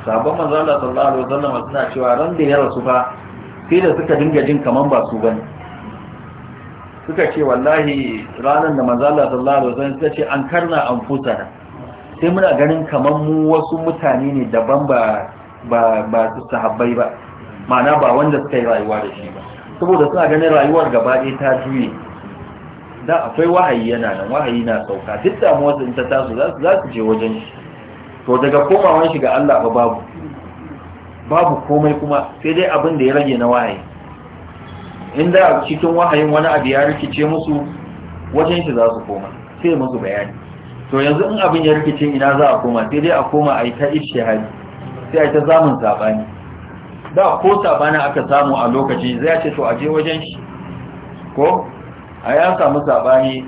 sabon manzo Allah sallallahu alaihi wasallam suna cewa ran da ya rasu fa sai da suka dinga jin kaman ba su bane suka ce wallahi ranar da manzala sallallahu alaihi wasallam suka ce an karna an fusana sai muna ganin kamar mu wasu mutane ne daban ba ba ba su sahabbai ba ma'ana ba wanda suka yi rayuwa da shi ba saboda suna ganin rayuwar gaba ɗaya ta juye da akwai wahayi yana nan wahayi na sauka duk da damuwar in ta taso za su je wajen shi to daga komawan shi ga Allah ba babu babu komai kuma sai dai abin da ya rage na wahayi In inda cikin wahayin wani abu ya rikice musu wajen shi za su koma sai musu bayani to yanzu in abin ya rikice ina za a koma sai dai a koma a yi ta hali. sai a yi ta zamun sabani da ko sabani aka samu a lokaci zai ce to a je wajen shi ko a ya samu sabani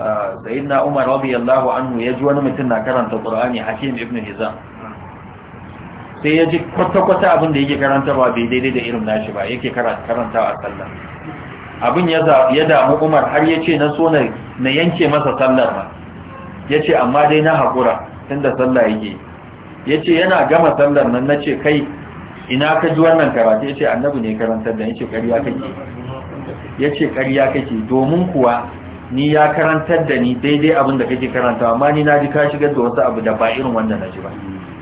ah, sayyidina umar radiyallahu anhu ya ji wani mutum na karanta qur'ani hakim ibn hizam sai ya ji kwata-kwata abin da yake karanta ba bai daidai da irin nashi ba yake karanta a sallar abin ya damu umar har ya ce na so na yanke masa sallar ba ya ce amma dai na haƙura tunda sallar yake ya ce yana gama sallar nan na ce kai ina ka ji wannan karatu ya ce annabi ne karantar da ya ce ƙarya kake ya ce ƙarya kake domin kuwa ni ya karantar da ni daidai abin da kake karanta amma ni na ji ka shigar da wasu abu da ba irin wanda na ji ba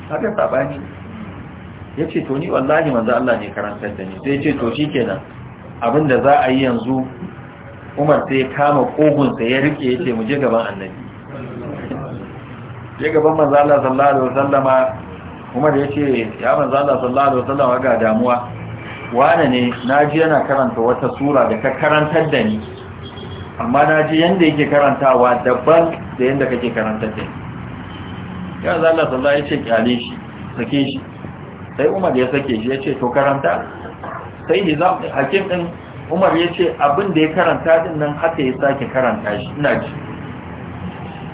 haka saɓani ya ce to ni wallahi manzo Allah ne karantar da ni sai ya ce to shi kenan abinda za a yi yanzu umar sai ya kama kogunsa ya rike ya ce mu je gaban annabi ya gaban manzo Allah sallallahu alaihi wasallama umar ya ce ya manzo Allah sallallahu alaihi wasallama ga damuwa wane ne naji yana karanta wata sura da ka karantar da ni amma naji yanda yake karantawa daban da yanda kake karantar da ni ya zalla Allah sallallahu alaihi wasallama ya ce kyale shi sake shi sai umar ya sake shi ya ce to karanta sai hizam hakim din umar ya ce abin da ya karanta din nan haka ya sake karanta shi ina ji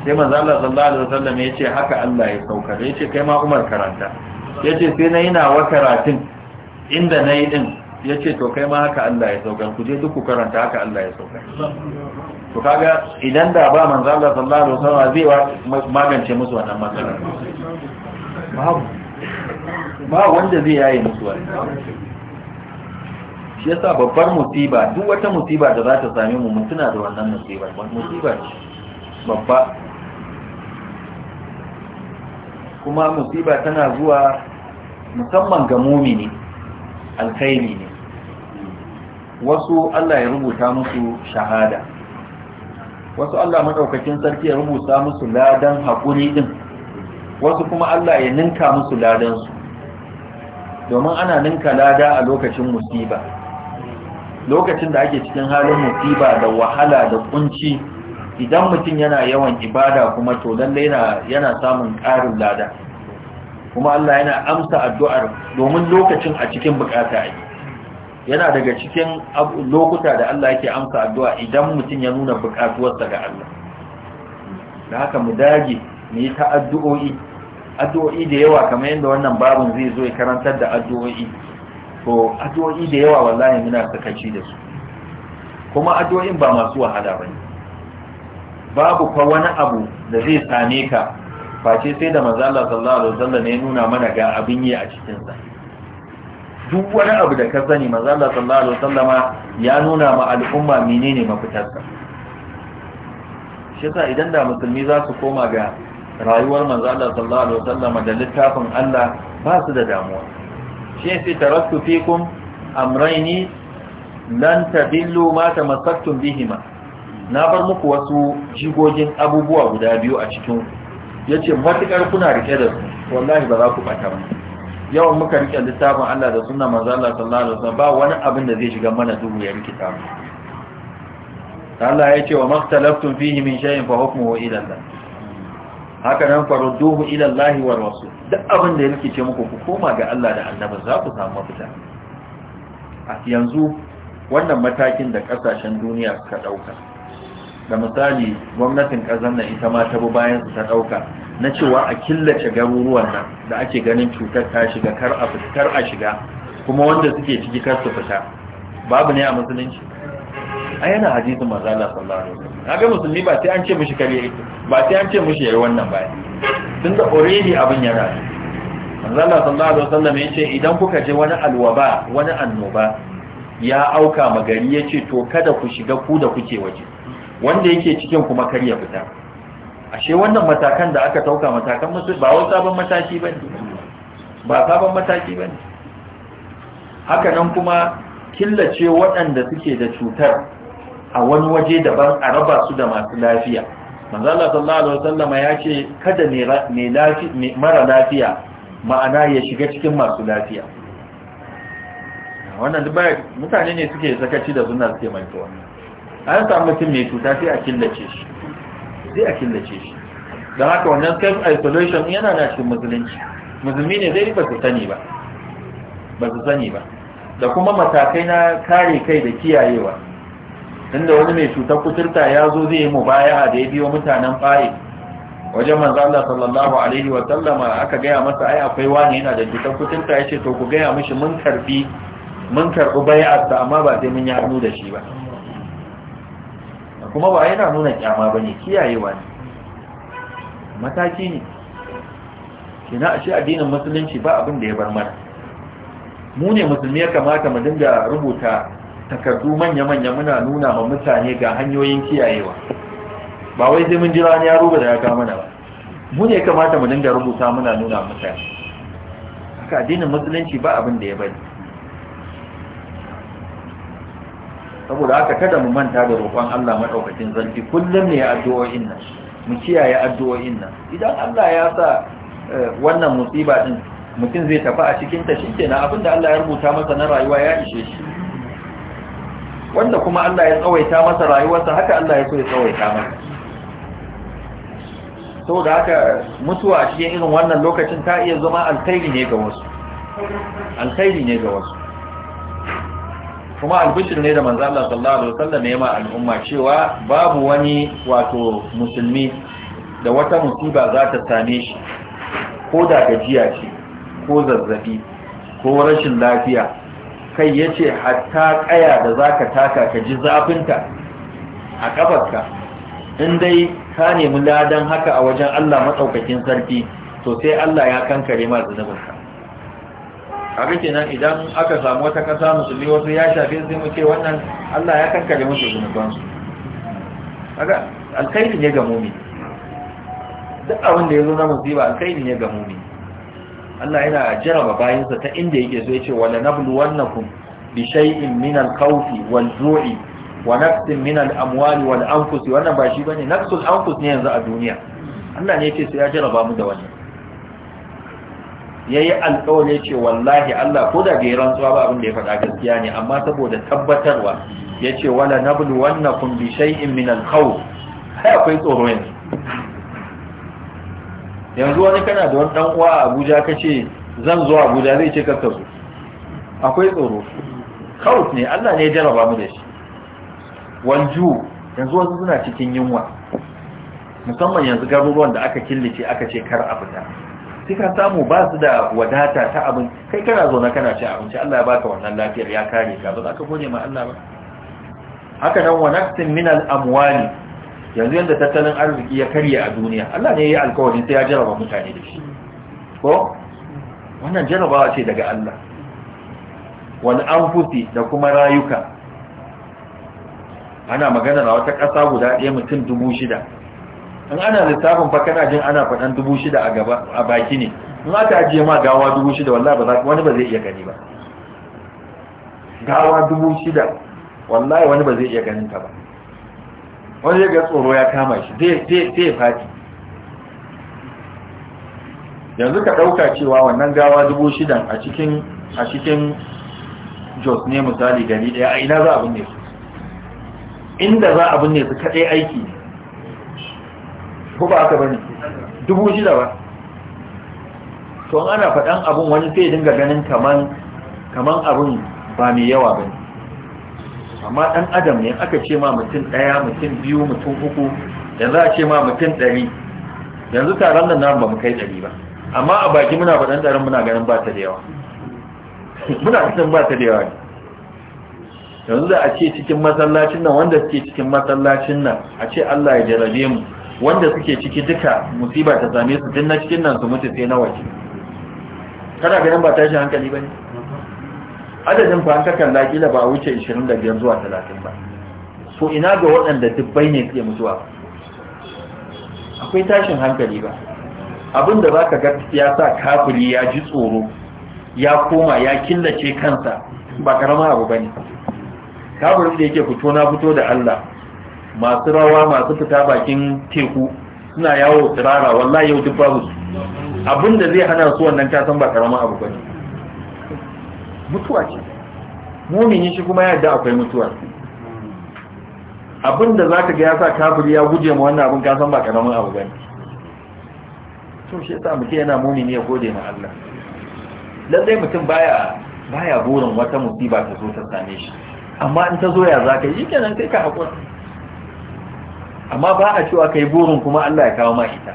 sai manzala sallallahu alaihi wasallam ya ce haka Allah ya saukar ya ce kai ma umar karanta ya ce sai na yi wa karatun inda na yi din ya ce to kai ma haka Allah ya saukar ku je duk ku karanta haka Allah ya saukar to kaga idan da ba manzala sallallahu alaihi wasallam zai magance musu wannan matsalar babu ba wanda zai yaye musu wannan shi yasa babbar musiba duk wata musiba da za ta same mu mun tuna da wannan musiba musiba ce babba kuma musiba tana zuwa musamman ga mumini alkhairi ne wasu Allah ya rubuta musu shahada wasu Allah madaukakin sarki ya rubuta musu ladan haƙuri din wasu kuma Allah ya ninka musu ladansu. domin ana ninka lada a lokacin musiba lokacin da ake cikin halin musiba da wahala da kunci idan mutum yana yawan ibada kuma to lalle yana yana samun ƙarin lada kuma Allah yana amsa addu'ar domin lokacin a cikin bukata yake yana daga cikin lokuta da Allah yake amsa addu'a idan mutum ya nuna bukatuwarsa ga Allah da haka mu dage mu yi ta'addu'o'i addu'o'i da yawa kamar yadda wannan babin zai zo ya karantar da addu'o'i to addu'o'i da yawa wallahi muna sakaci da su kuma addu'o'in ba masu wahala bane babu fa wani abu da zai same ka face sai da manzo Allah sallallahu alaihi wasallam ya nuna mana ga abin yi a cikin sa duk wani abu da ka sani manzo Allah sallallahu alaihi wasallama ya nuna ma al'umma menene mafitarsa shi idan da musulmi za su koma ga rayuwar Manzala Allah sallallahu alaihi wasallam da littafin Allah ba su da damuwa shi yake taraktu fikum amrayni lan tadillu ma tamassaktum bihima na bar muku wasu jigogin abubuwa guda biyu a cikin yace matukar kuna rike da su wallahi ba za ku bata ba yawan muka rike littafin Allah da sunna Manzala Allah sallallahu alaihi wasallam ba wani abin da zai shiga mana duhu ya rikita mu Allah ya ce wa maktalaftum fihi min shay'in fa hukmuhu ila Allah haka nan farudduhu ila Allah wa rasul duk abin da yake ce muku ku koma ga Allah da annabi za ku samu mafita a yanzu wannan matakin da kasashen duniya suka dauka da misali gwamnatin ƙasar nan ita ma ta bi bayan su ta dauka na cewa a killace garuruwan nan da ake ganin cutar ta shiga kar a fitar a shiga kuma wanda suke ciki kar su fita babu ne a musulunci a yana hadisin manzo Allah sallallahu alaihi wasallam kage musulmi ba sai an ce mushi kare yake ba sai an ce mushi yayi wannan ba Tun da already abin yana manzo Allah sallallahu alaihi wasallam yace idan kuka je wani alwaba wani annoba ya auka magari yace to kada ku shiga ku da kuke waje wanda yake cikin kuma kar ya fita ashe wannan matakan da aka tauka matakan musu ba wani sabon mataki bane ba sabon mataki bane haka nan kuma killace waɗanda suke da cutar a wani waje daban a raba su da masu lafiya manzo Allah sallallahu alaihi wasallama ya ce kada ne mara lafiya ma'ana ya shiga cikin masu lafiya wannan duk mutane ne suke sakaci da suna suke mantuwa an samu mutum mai cuta sai a killace shi sai a killace shi don haka wannan self isolation yana da cikin musulunci musulmi ne zai ba su sani ba ba su sani ba da kuma matakai na kare kai da kiyayewa inda wani mai cutar kuturta ya zo zai yi baya da ya biyo mutanen baye wajen manzo Allah sallallahu alaihi wa sallama aka gaya masa ai akwai wani yana da cutar kuturta yace to ku gaya mishi mun karbi mun karbi bai'ar da amma ba sai mun yi hannu da shi ba kuma ba yana nuna kyama bane kiyayewa ne mataki ne kina shi addinin musulunci ba abin da ya bar mana mu ne musulmi ya kamata mu dinga rubuta takardu manya-manya muna nuna wa mutane ga hanyoyin kiyayewa ba wai sai mun jira ne ya rubuta ya kama mana ba mu ne kamata mu dinga rubuta muna nuna mutane haka addinin musulunci ba abin da ya bari saboda haka kada mu manta da roƙon Allah madaukakin zalfi kullum ne addu'o'in nan mu kiyaye addu'o'in nan idan Allah ya sa eh, wannan musiba din mutum zai tafi a cikin ta shikenan abinda Allah ya rubuta masa na rayuwa ya ishe shi wanda kuma Allah ya tsawaita masa rayuwarsa haka Allah ya so ya tsawaita masa saboda haka mutuwa a cikin irin wannan lokacin ta iya zama alkhairi ne ga wasu alkhairi ne ga wasu kuma albishir ne da manzo Allah sallallahu alaihi wasallam ya ma al'umma cewa babu wani wato musulmi da wata musiba za ta same shi ko da gajiya ce ko zazzabi ko rashin lafiya kai ya ce hatta kaya da za ka taka ka ji zafinta a ƙafarka in dai ka nemi ladan haka a wajen Allah matsaukakin sarki to sai Allah ya kankare ma zunubinka haka kenan idan aka samu wata ƙasa musulmi wasu ya shafe sai mu ce wannan Allah ya kankare musu zunubansu haka alkhairi ne ga mumin duk abin da ya zo na musiba alkhairi ne ga mumin Allah yana jaraba bayansa ta inda yake so yace wala nabluwannakum bi shay'in min al-khawfi wal-ju'i wa naqsin min al-amwali wal-anfus wannan ba shi bane naqsul anfus ne yanzu a duniya Allah ne yace so ya jaraba mu da wannan yayi alƙawari yace wallahi Allah ko da bai rantsuwa ba abin da ya faɗa gaskiya ne amma saboda tabbatarwa yace wala nabluwannakum bi shay'in min al-khawf kai akwai tsoro yanzu yanzu wani kana da wani dan uwa a Abuja kace zan zo Abuja zai ce kakka zo akwai tsoro khawf ne Allah ne ya jaraba mu da shi wanju yanzu wasu suna cikin yunwa musamman yanzu garuruwan da aka killace aka ce kar a fita sai ka samu ba su da wadata ta abin kai kana zo na kana ci abinci Allah ya baka wannan lafiyar ya kare ka ba za ka gode ma Allah ba haka nan wa naqsin min al amwali yanzu yadda tattalin arziki ya karye a duniya Allah ne ya yi alkawarin sai ya jaraba mutane da shi ko wannan jarabawa ce daga Allah wani fusi da kuma rayuka ana magana na wata ƙasa guda ɗaya mutum dubu shida in ana lissafin fa kana jin ana faɗan dubu shida a gaba a baki ne in aka ajiye ma gawa dubu shida wallahi ba za wani ba zai iya gani ba gawa dubu shida wallahi wani ba zai iya ganin ta ba wani ga tsoro ya kama shi zai fati yanzu ka ɗauka cewa wannan gawa dubu shida a cikin a cikin jos ne misali gani ɗaya a ina za a binne su inda za a binne su kaɗai aiki ko ba aka bane dubu shida ba to ana faɗan abin wani sai dinga ganin kaman kaman abin ba mai yawa bane amma dan adam ne aka ce ma mutum daya mutum biyu mutum uku yanzu a ce ma mutum ɗari yanzu taron nan nan ba mu kai ɗari ba amma a baki muna faɗan ɗarin muna ganin ba ta da yawa [laughs] muna cikin ba ta da yawa yanzu da a ce cikin masallacin nan wanda suke cikin masallacin nan a ce Allah ya jarabe mu wanda suke ciki duka musiba ta same su tun na cikin nan su mutu sai na waje kana ganin ba tashin hankali ba ne adadin ba ka kila ba wuce 25 zuwa 30 ba so ina ga waɗanda dubbai ne suke mutuwa akwai tashin hankali ba abinda za ka ga ya sa kafuri ya ji tsoro ya koma ya killace kansa ba karama abu ba ne da yake fito na fito da Allah masu rawa masu fita bakin teku suna yawo tsirara wallahi yau duk babu abinda zai hana su wannan kasan ba karama abu ba ne mutuwa ce mumini shi kuma yadda akwai mutuwa abin da za ka ga ya sa kafiri ya guje ma wannan abin kasan ba karamin abu gani so shi yasa mutum yana mumini ya gode ma Allah lallai mutum baya baya burin wata musiba ta zo ta same shi amma in ta zo ya za ka yi kenan sai ka haƙura amma ba a cewa kai yi burin kuma Allah ya kawo ma ita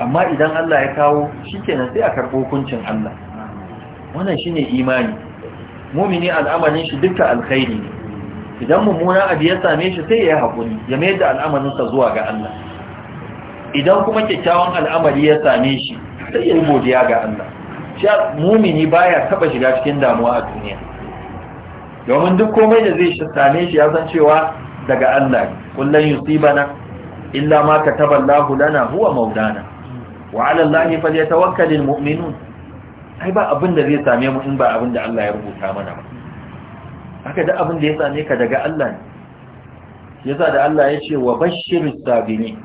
amma idan Allah ya kawo shi kenan sai a karɓo hukuncin Allah wannan shine imani mumini al'amarin shi dukkan alkhairi ne idan mummuna abu ya same shi sai ya yi haƙuri ya mayar da al'amarinsa zuwa ga Allah idan kuma kyakkyawan al'amari ya same shi sai ya yi godiya ga Allah shi mumini baya taba shiga cikin damuwa a duniya domin duk komai da zai same shi ya san cewa daga Allah kullun yusibana illa ma kataballahu Allahu lana huwa maulana wa 'ala Allahi falyatawakkalul mu'minun ai ba abin da zai same mu in ba abin da Allah ya rubuta mana ba haka da abin da ya same ka daga Allah ne yasa da Allah ya ce wa bashirin sabini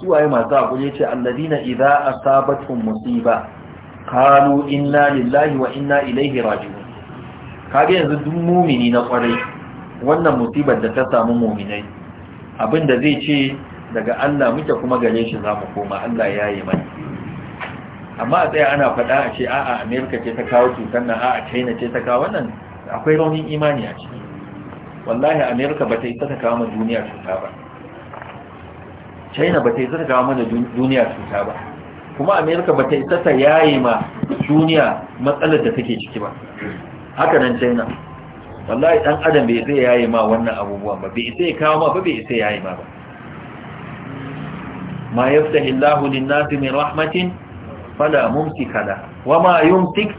su waye masu hakuri ce alladina idza asabatuhum musiba qalu inna lillahi wa inna ilaihi raji'un kage yanzu duk mumini na kwarai wannan musibar da ta samu muminai Abin da zai ce daga Allah muke kuma gare shi za mu koma Allah ya yi mana amma a tsaye ana faɗa a ce a'a amerika ce ta kawo cutar nan a'a china ce ta kawo wannan akwai raunin imani a ciki wallahi amerika ba ta yi ta kawo mana duniya cuta ba china ba ta yi ta kawo mana duniya cuta ba kuma amerika ba ta yi ta yaye ma duniya matsalar da take ciki ba haka nan china wallahi dan adam bai sai yaye ma wannan abubuwan ba bai sai kawo ma ba bai sai yaye ma ba ma yaftahi Allahu lin-nasi min rahmatin fala mumsika له وما yumtik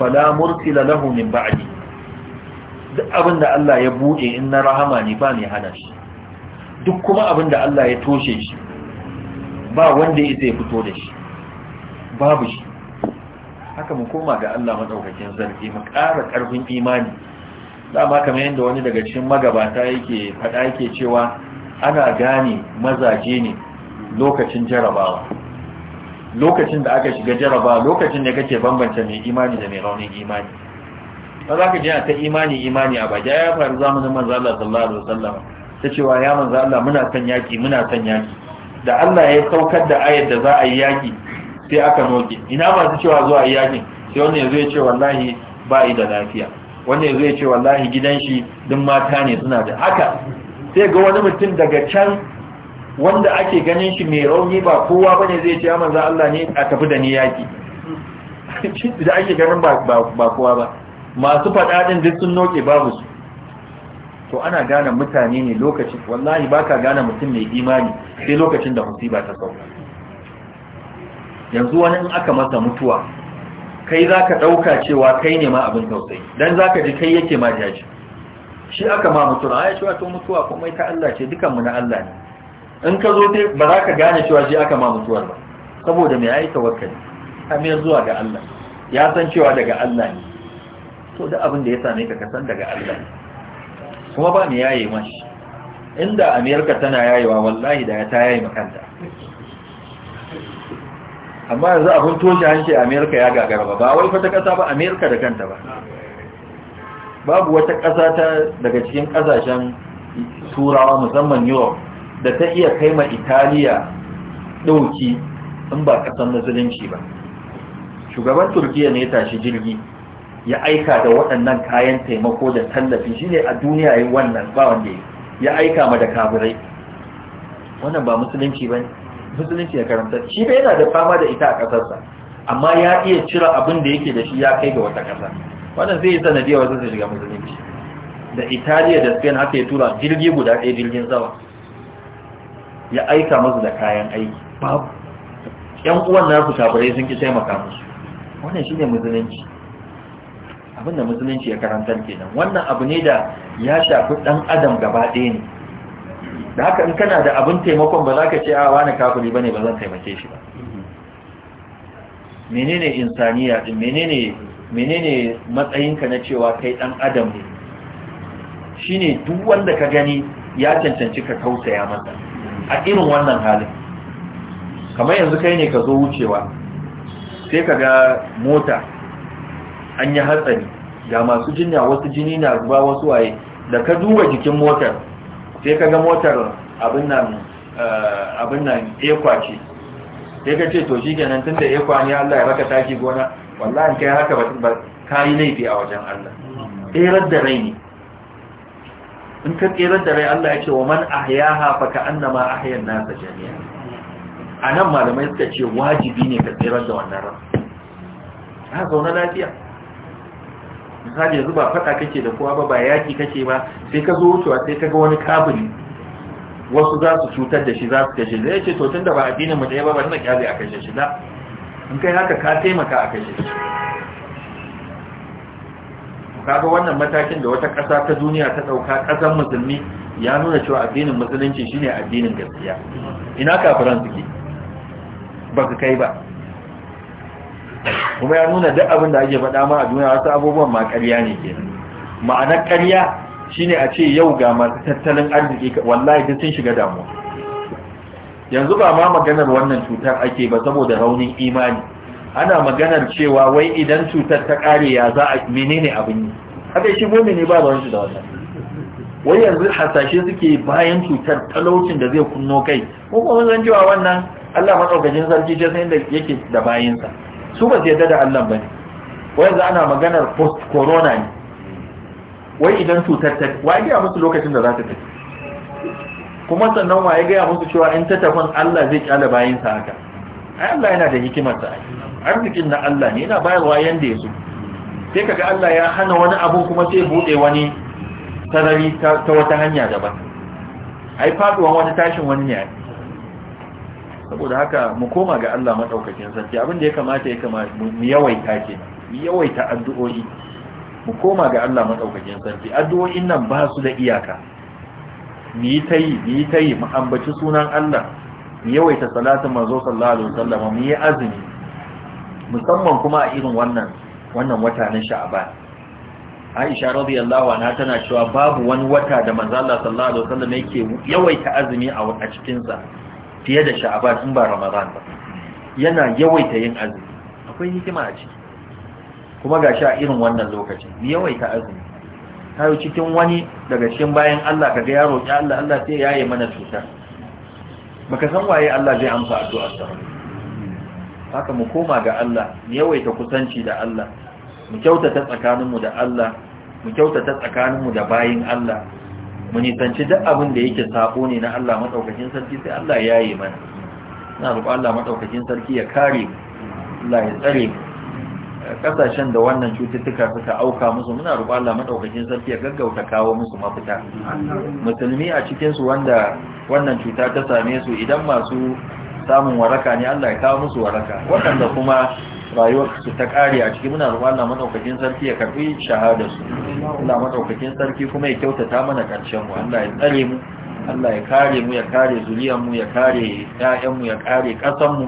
فلا مرسل له min بعدي duk abin da Allah ya buɗe in na rahama ne ba ne hana shi duk kuma abin da Allah ya toshe shi ba wanda ya zai fito da shi babu shi haka mu koma ga Allah maɗaukakin zarfi mu ƙara ƙarfin imani dama kamar yadda wani daga cikin magabata yake faɗa yake cewa ana gane mazaje ne lokacin jarabawa lokacin da aka shiga jaraba lokacin da kake bambance mai imani da mai raunin imani ba za ka jina ta imani imani a baja ya faru zamanin manzo Allah sallallahu alaihi wasallam ta cewa ya manzo Allah muna son yaki muna son yaki da Allah ya saukar da ayar da za a yi yaki sai aka noke ina masu cewa zuwa yi yakin sai wannan yazo ya ce wallahi ba da lafiya wannan yazo ya ce wallahi gidan shi din mata ne suna da haka sai ga wani mutum daga can wanda ake ganin shi mai rauni ba kowa bane zai ce za Allah ne a tafi da ni yaki [laughs] da ake ganin ba ba kowa ba masu fada din duk sun noke babu su to ana gane mutane ne lokacin wallahi baka gane mutum mai imani sai lokacin da musiba ta sauka yanzu wani in aka masa mutuwa kai zaka dauka cewa kai ne ma abin tausayi dan zaka ji kai yake ma jaji shi aka ma mutuwa ai cewa to mutuwa komai ta Allah ce dukan mu na Allah ne in ka zo te ba za ka gane cewa shi aka ma mutuwar ba saboda mai ayi tawakkali amir zuwa ga Allah ya san cewa daga Allah ne to da abin da ya same ka kasan daga Allah ne kuma ba ni yaye mashi inda amerika tana yayewa wallahi da ya ta yaye makanta amma yanzu abin toshe hanci amerika ya gagara ba ba wai fata kasa ba amerika da kanta ba babu wata kasa ta daga cikin kasashen turawa musamman europe da ta iya kai ma italiya ɗauki in ba ƙasar musulunci ba shugaban turkiya ne ya tashi jirgi ya aika da waɗannan kayan taimako da tallafi shi ne a duniya yi wannan ba wanda ya aika ma da kabirai wannan ba musulunci ba ne musulunci ya karanta shi ba yana da fama da ita a ƙasarsa amma ya iya cira abin da yake da shi ya kai ga wata ƙasa wannan zai yi sanadiyar wasu su shiga musulunci da italiya da spain haka ya tura jirgi guda ɗaya jirgin sama ya aika musu da kayan aiki babu yan uwan nasu kafirai sun ki taimaka musu wannan shi ne musulunci abinda musulunci ya karantar nan. wannan abu ne da ya shafi dan adam gaba ɗaya ne da haka in kana da abin taimakon ba za ka ce a wani ba ne ba zan taimake shi ba menene insaniya din menene menene matsayinka na cewa kai dan adam ne shine duk wanda ka gani ya cancanci ka tausaya masa a irin wannan halin kamar yanzu kai ne ka zo wucewa sai ka ga mota an yi hatsari ga masu jinya wasu jini na zuba wasu waye da ka duba jikin motar sai ka ga motar abin nan eh, ekwa ce sai ka ce to shi kenan tun da ekwa ne allah ya raka taki gona wallahi kai haka ba ka yi laifi a wajen allah ɗerar da rai ne in ka tsirar da rai Allah ya ce wa man ahyaha fa ka annama hayan nasa jami'a anan malamai suka ce wajibi ne ka tseren da wannan ran ha zauna lafiya misali yanzu ba fata kake da kowa ba ba yaki kake ba sai ka zo wucewa sai ka ga wani kabiri wasu za su cutar da shi za su kashe zai ce to tun da ba addinin mu ɗaya ba ba na kyale a kashe shi da in kai haka ka taimaka a kashe shi kaga wannan matakin da wata ƙasa ta duniya ta ɗauka ƙasar musulmi ya nuna cewa addinin musulunci shine addinin gaskiya ina kafiran suke ba su kai ba kuma ya nuna duk abin da ake faɗa ma a duniya wasu abubuwan ma ƙarya ne ke ma'anar ƙarya shine a ce yau ga masu tattalin arziki wallahi duk sun shiga damuwa yanzu ba ma maganar wannan cutar ake ba saboda raunin imani ana maganar cewa wai idan cutar ta kare ya za a menene abin yi haka shi ne ba ba da wannan wai yanzu hasashe suke bayan cutar talaucin da zai kunno kai ko kuma zan jiwa wannan Allah madaukakin sarki ce sai da yake da bayinsa su ba su yarda da Allah ne wai yanzu ana maganar post corona ne wai idan cutar ta wai ga musu lokacin da za ta tafi kuma sannan ya gaya musu cewa in ta tafin Allah zai kyale bayansa haka ai Allah yana da hikimarsa ai arzikin na Allah ne yana bayarwa yanda ya so sai kaga Allah ya hana wani abu kuma sai bude wani sarari ta wata hanya daban ai faduwan wani tashin wani ne saboda haka mu koma ga Allah madaukakin sarki abin da ya kamata ya kamata mu yawaita ke mu yawaita addu'o'i mu koma ga Allah madaukakin sarki addu'o'in nan ba su da iyaka mu yi tayi mu yi tayi mu ambaci sunan Allah mu yawaita Salatu manzo sallallahu alaihi wasallam mu yi azumi musamman kuma a irin wannan wannan wata na sha'aban Aisha radiyallahu anha tana cewa babu wani wata da manzo Allah sallallahu alaihi wasallam yake yawaita azumi a cikin sa fiye da sha'aban in ba Ramadan ba yana yawaita yin azumi akwai hikima a ciki kuma gashi a irin wannan lokacin yawaita azumi kai cikin wani daga cikin bayan Allah kaga ya roki Allah Allah sai yaye mana cuta baka san waye Allah zai amsa addu'ar sa haka mu koma ga Allah mu yawaita kusanci da Allah mu kyautata tsakaninmu da Allah mu kyautata tsakaninmu da bayin Allah mu nisanci duk abin da yake sabo ne na Allah madaukakin sarki sai Allah ya yi mana ina roƙon Allah madaukakin sarki ya kare Allah ya tsare kasashen da wannan cututtuka suka auka musu muna roƙon Allah madaukakin sarki ya gaggauta kawo musu mafita musulmi a cikin su wanda wannan cuta ta same su idan masu samun waraka ne Allah ya kawo musu waraka waɗanda kuma rayuwar su ta ƙare a cikin muna roƙon Allah maɗaukakin sarki ya karɓi shahadar su Allah maɗaukakin sarki kuma ya kyautata mana ƙarshen mu Allah ya tsare mu Allah ya kare mu ya kare zuriyar mu ya kare ƴaƴan mu ya kare ƙasar mu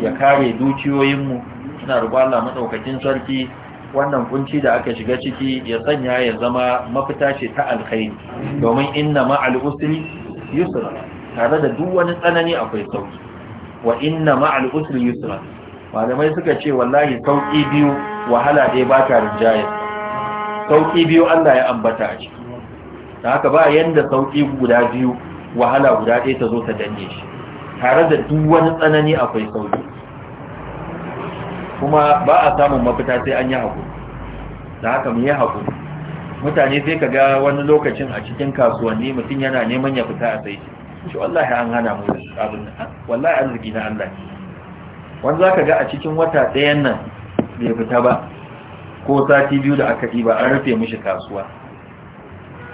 ya kare dukiyoyin mu muna roƙon Allah maɗaukakin sarki wannan kunci da aka shiga ciki ya sanya ya zama mafita ce ta alkhairi domin inna ma'al usri yusra tare da duk wani tsanani akwai sauki wa inna ma'al usri yusra malamai suka ce wallahi sauki biyu wahala dai ba ta rinjaye sauki biyu Allah ya ambata a ciki da haka ba yanda sauki guda biyu wahala guda ɗaya ta zo ta danne shi tare da duk wani tsanani akwai sauki kuma ba a samun mafita sai an yi haƙuri da haka mu yi haƙuri mutane sai ka ga wani lokacin a cikin kasuwanni mutum yana neman ya fita a sai shi wallahi an hana mu abin wallahi arziki na Allah wanda zaka ga a cikin wata ɗayan nan bai fita ba ko sati biyu da aka ba an rufe mishi kasuwa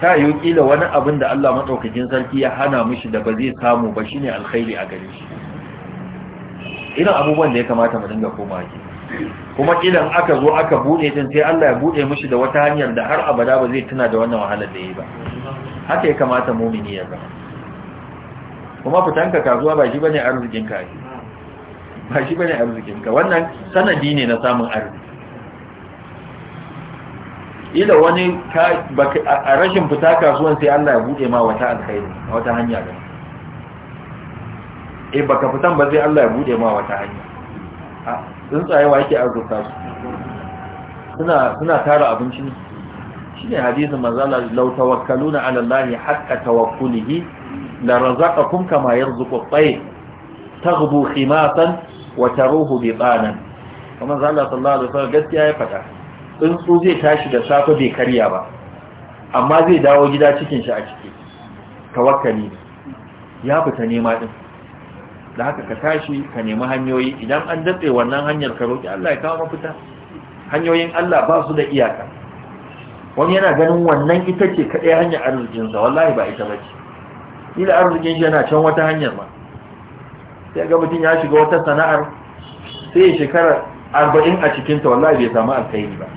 ta yi kila wani abin da Allah maɗaukakin sarki ya hana mishi da ba zai samu ba shine alkhairi a gare shi irin abubuwan da ya kamata mu dinga koma ki kuma idan aka zo aka bude din sai Allah ya bude mishi da wata hanyar da har abada ba zai tuna da wannan wahalar da yayi ba haka ya kamata mumini ya zama kuma fitanka kasuwa ba shi bane arzikinka ai ba shi bane arzikinka wannan sanadi ne na samun arziki ila wani a rashin fita kasuwan sai Allah ya bude ma wata alkhairi wata hanya ga eh baka fitan ba sai Allah ya bude ma wata hanya a tsuntsayewa yake arzuta su suna suna tara abinci ne hadisin manzo Allah lau tawakkaluna ala Allah haqqa tawakkulihi la razaqakum kama yarzuqu at-tayr taghbu khimasan wa taruhu bibanan kuma Allah sallallahu alaihi wasallam gaskiya ya faɗa. tsuntsu zai tashi da safe bai karya ba amma zai dawo gida cikin shi a ciki tawakkali ya fita nema din da haka ka tashi ka nemi hanyoyi idan an datse wannan hanyar ka Allah ya hanyoyin Allah ba su da iyaka wani yana ganin wannan ita ce kaɗai hanyar arzikinsa wallahi ba ita ba ce kila arzikin shi yana can wata hanyar ba sai ga mutum ya shiga wata sana'ar sai shekara arba'in a cikinta wallahi bai samu alkhairi ba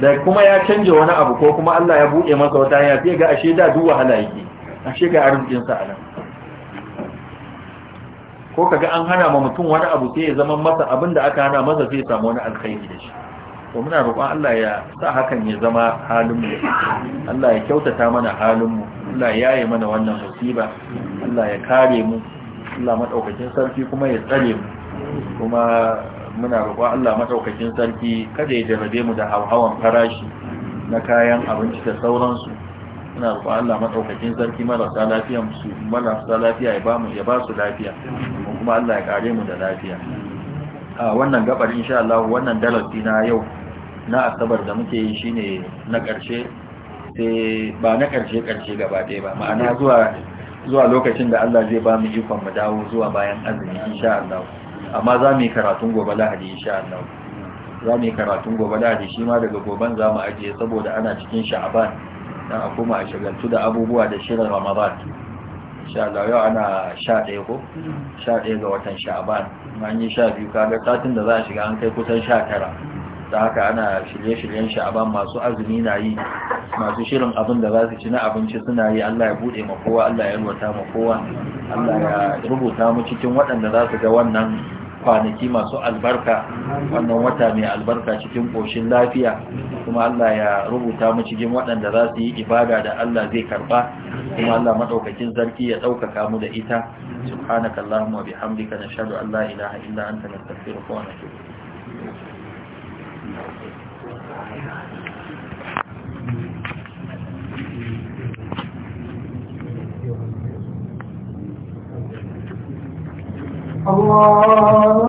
da kuma ya canja wani abu ko kuma Allah ya buɗe masa wata hanya sai ga ashe da duk wahala yake ashe ga arzikin sa anan ko kaga an hana ma mutum wani abu sai ya zama masa abinda aka hana masa sai ya samu wani alkhairi da shi to muna roƙon Allah ya sa hakan ya zama halinmu Allah ya kyautata mana halinmu Allah ya yaye mana wannan musiba Allah ya kare mu Allah madaukakin sarki kuma ya tsare mu kuma muna roƙon Allah madaukakin sarki kada ya jarabe mu da hawhawan farashi na kayan abinci da sauransu muna roƙon Allah madaukakin sarki marasa lafiya su marasa lafiya ya ba mu ya ba su lafiya kuma Allah ya kare mu da lafiya a wannan gabar insha Allah wannan darasi na yau na asabar da muke yi shine na ƙarshe sai ba na ƙarshe ƙarshe gaba ɗaya ba ma'ana zuwa zuwa lokacin da Allah zai ba mu ikon mu dawo zuwa bayan azumi insha Allah amma za mu yi karatun gobe Lahadi insha Allah za mu yi karatun gobe Lahadi shi ma daga goben za mu ajiye saboda ana cikin Sha'ban dan a koma a shagaltu da abubuwa da shirin Ramadan insha Allah yau ana 11 ko 11 ga watan Sha'ban an yi 12 kaga satin da za a shiga an kai kusan 19 da haka ana shirye-shiryen sha'aban masu azumi na yi masu shirin abin da za su ci na abinci suna yi Allah ya bude ma kowa Allah ya ruwata ma kowa Allah ya rubuta mu cikin waɗanda za su ga wannan kwanaki masu albarka wannan wata mai albarka cikin ƙoshin lafiya kuma Allah ya rubuta mu cikin waɗanda za su yi ibada da Allah zai karba kuma Allah madaukakin sarki ya ɗaukaka mu da ita subhanakallahumma bihamdika nashhadu an la ilaha illa anta nastaghfiruka wa natubu Allah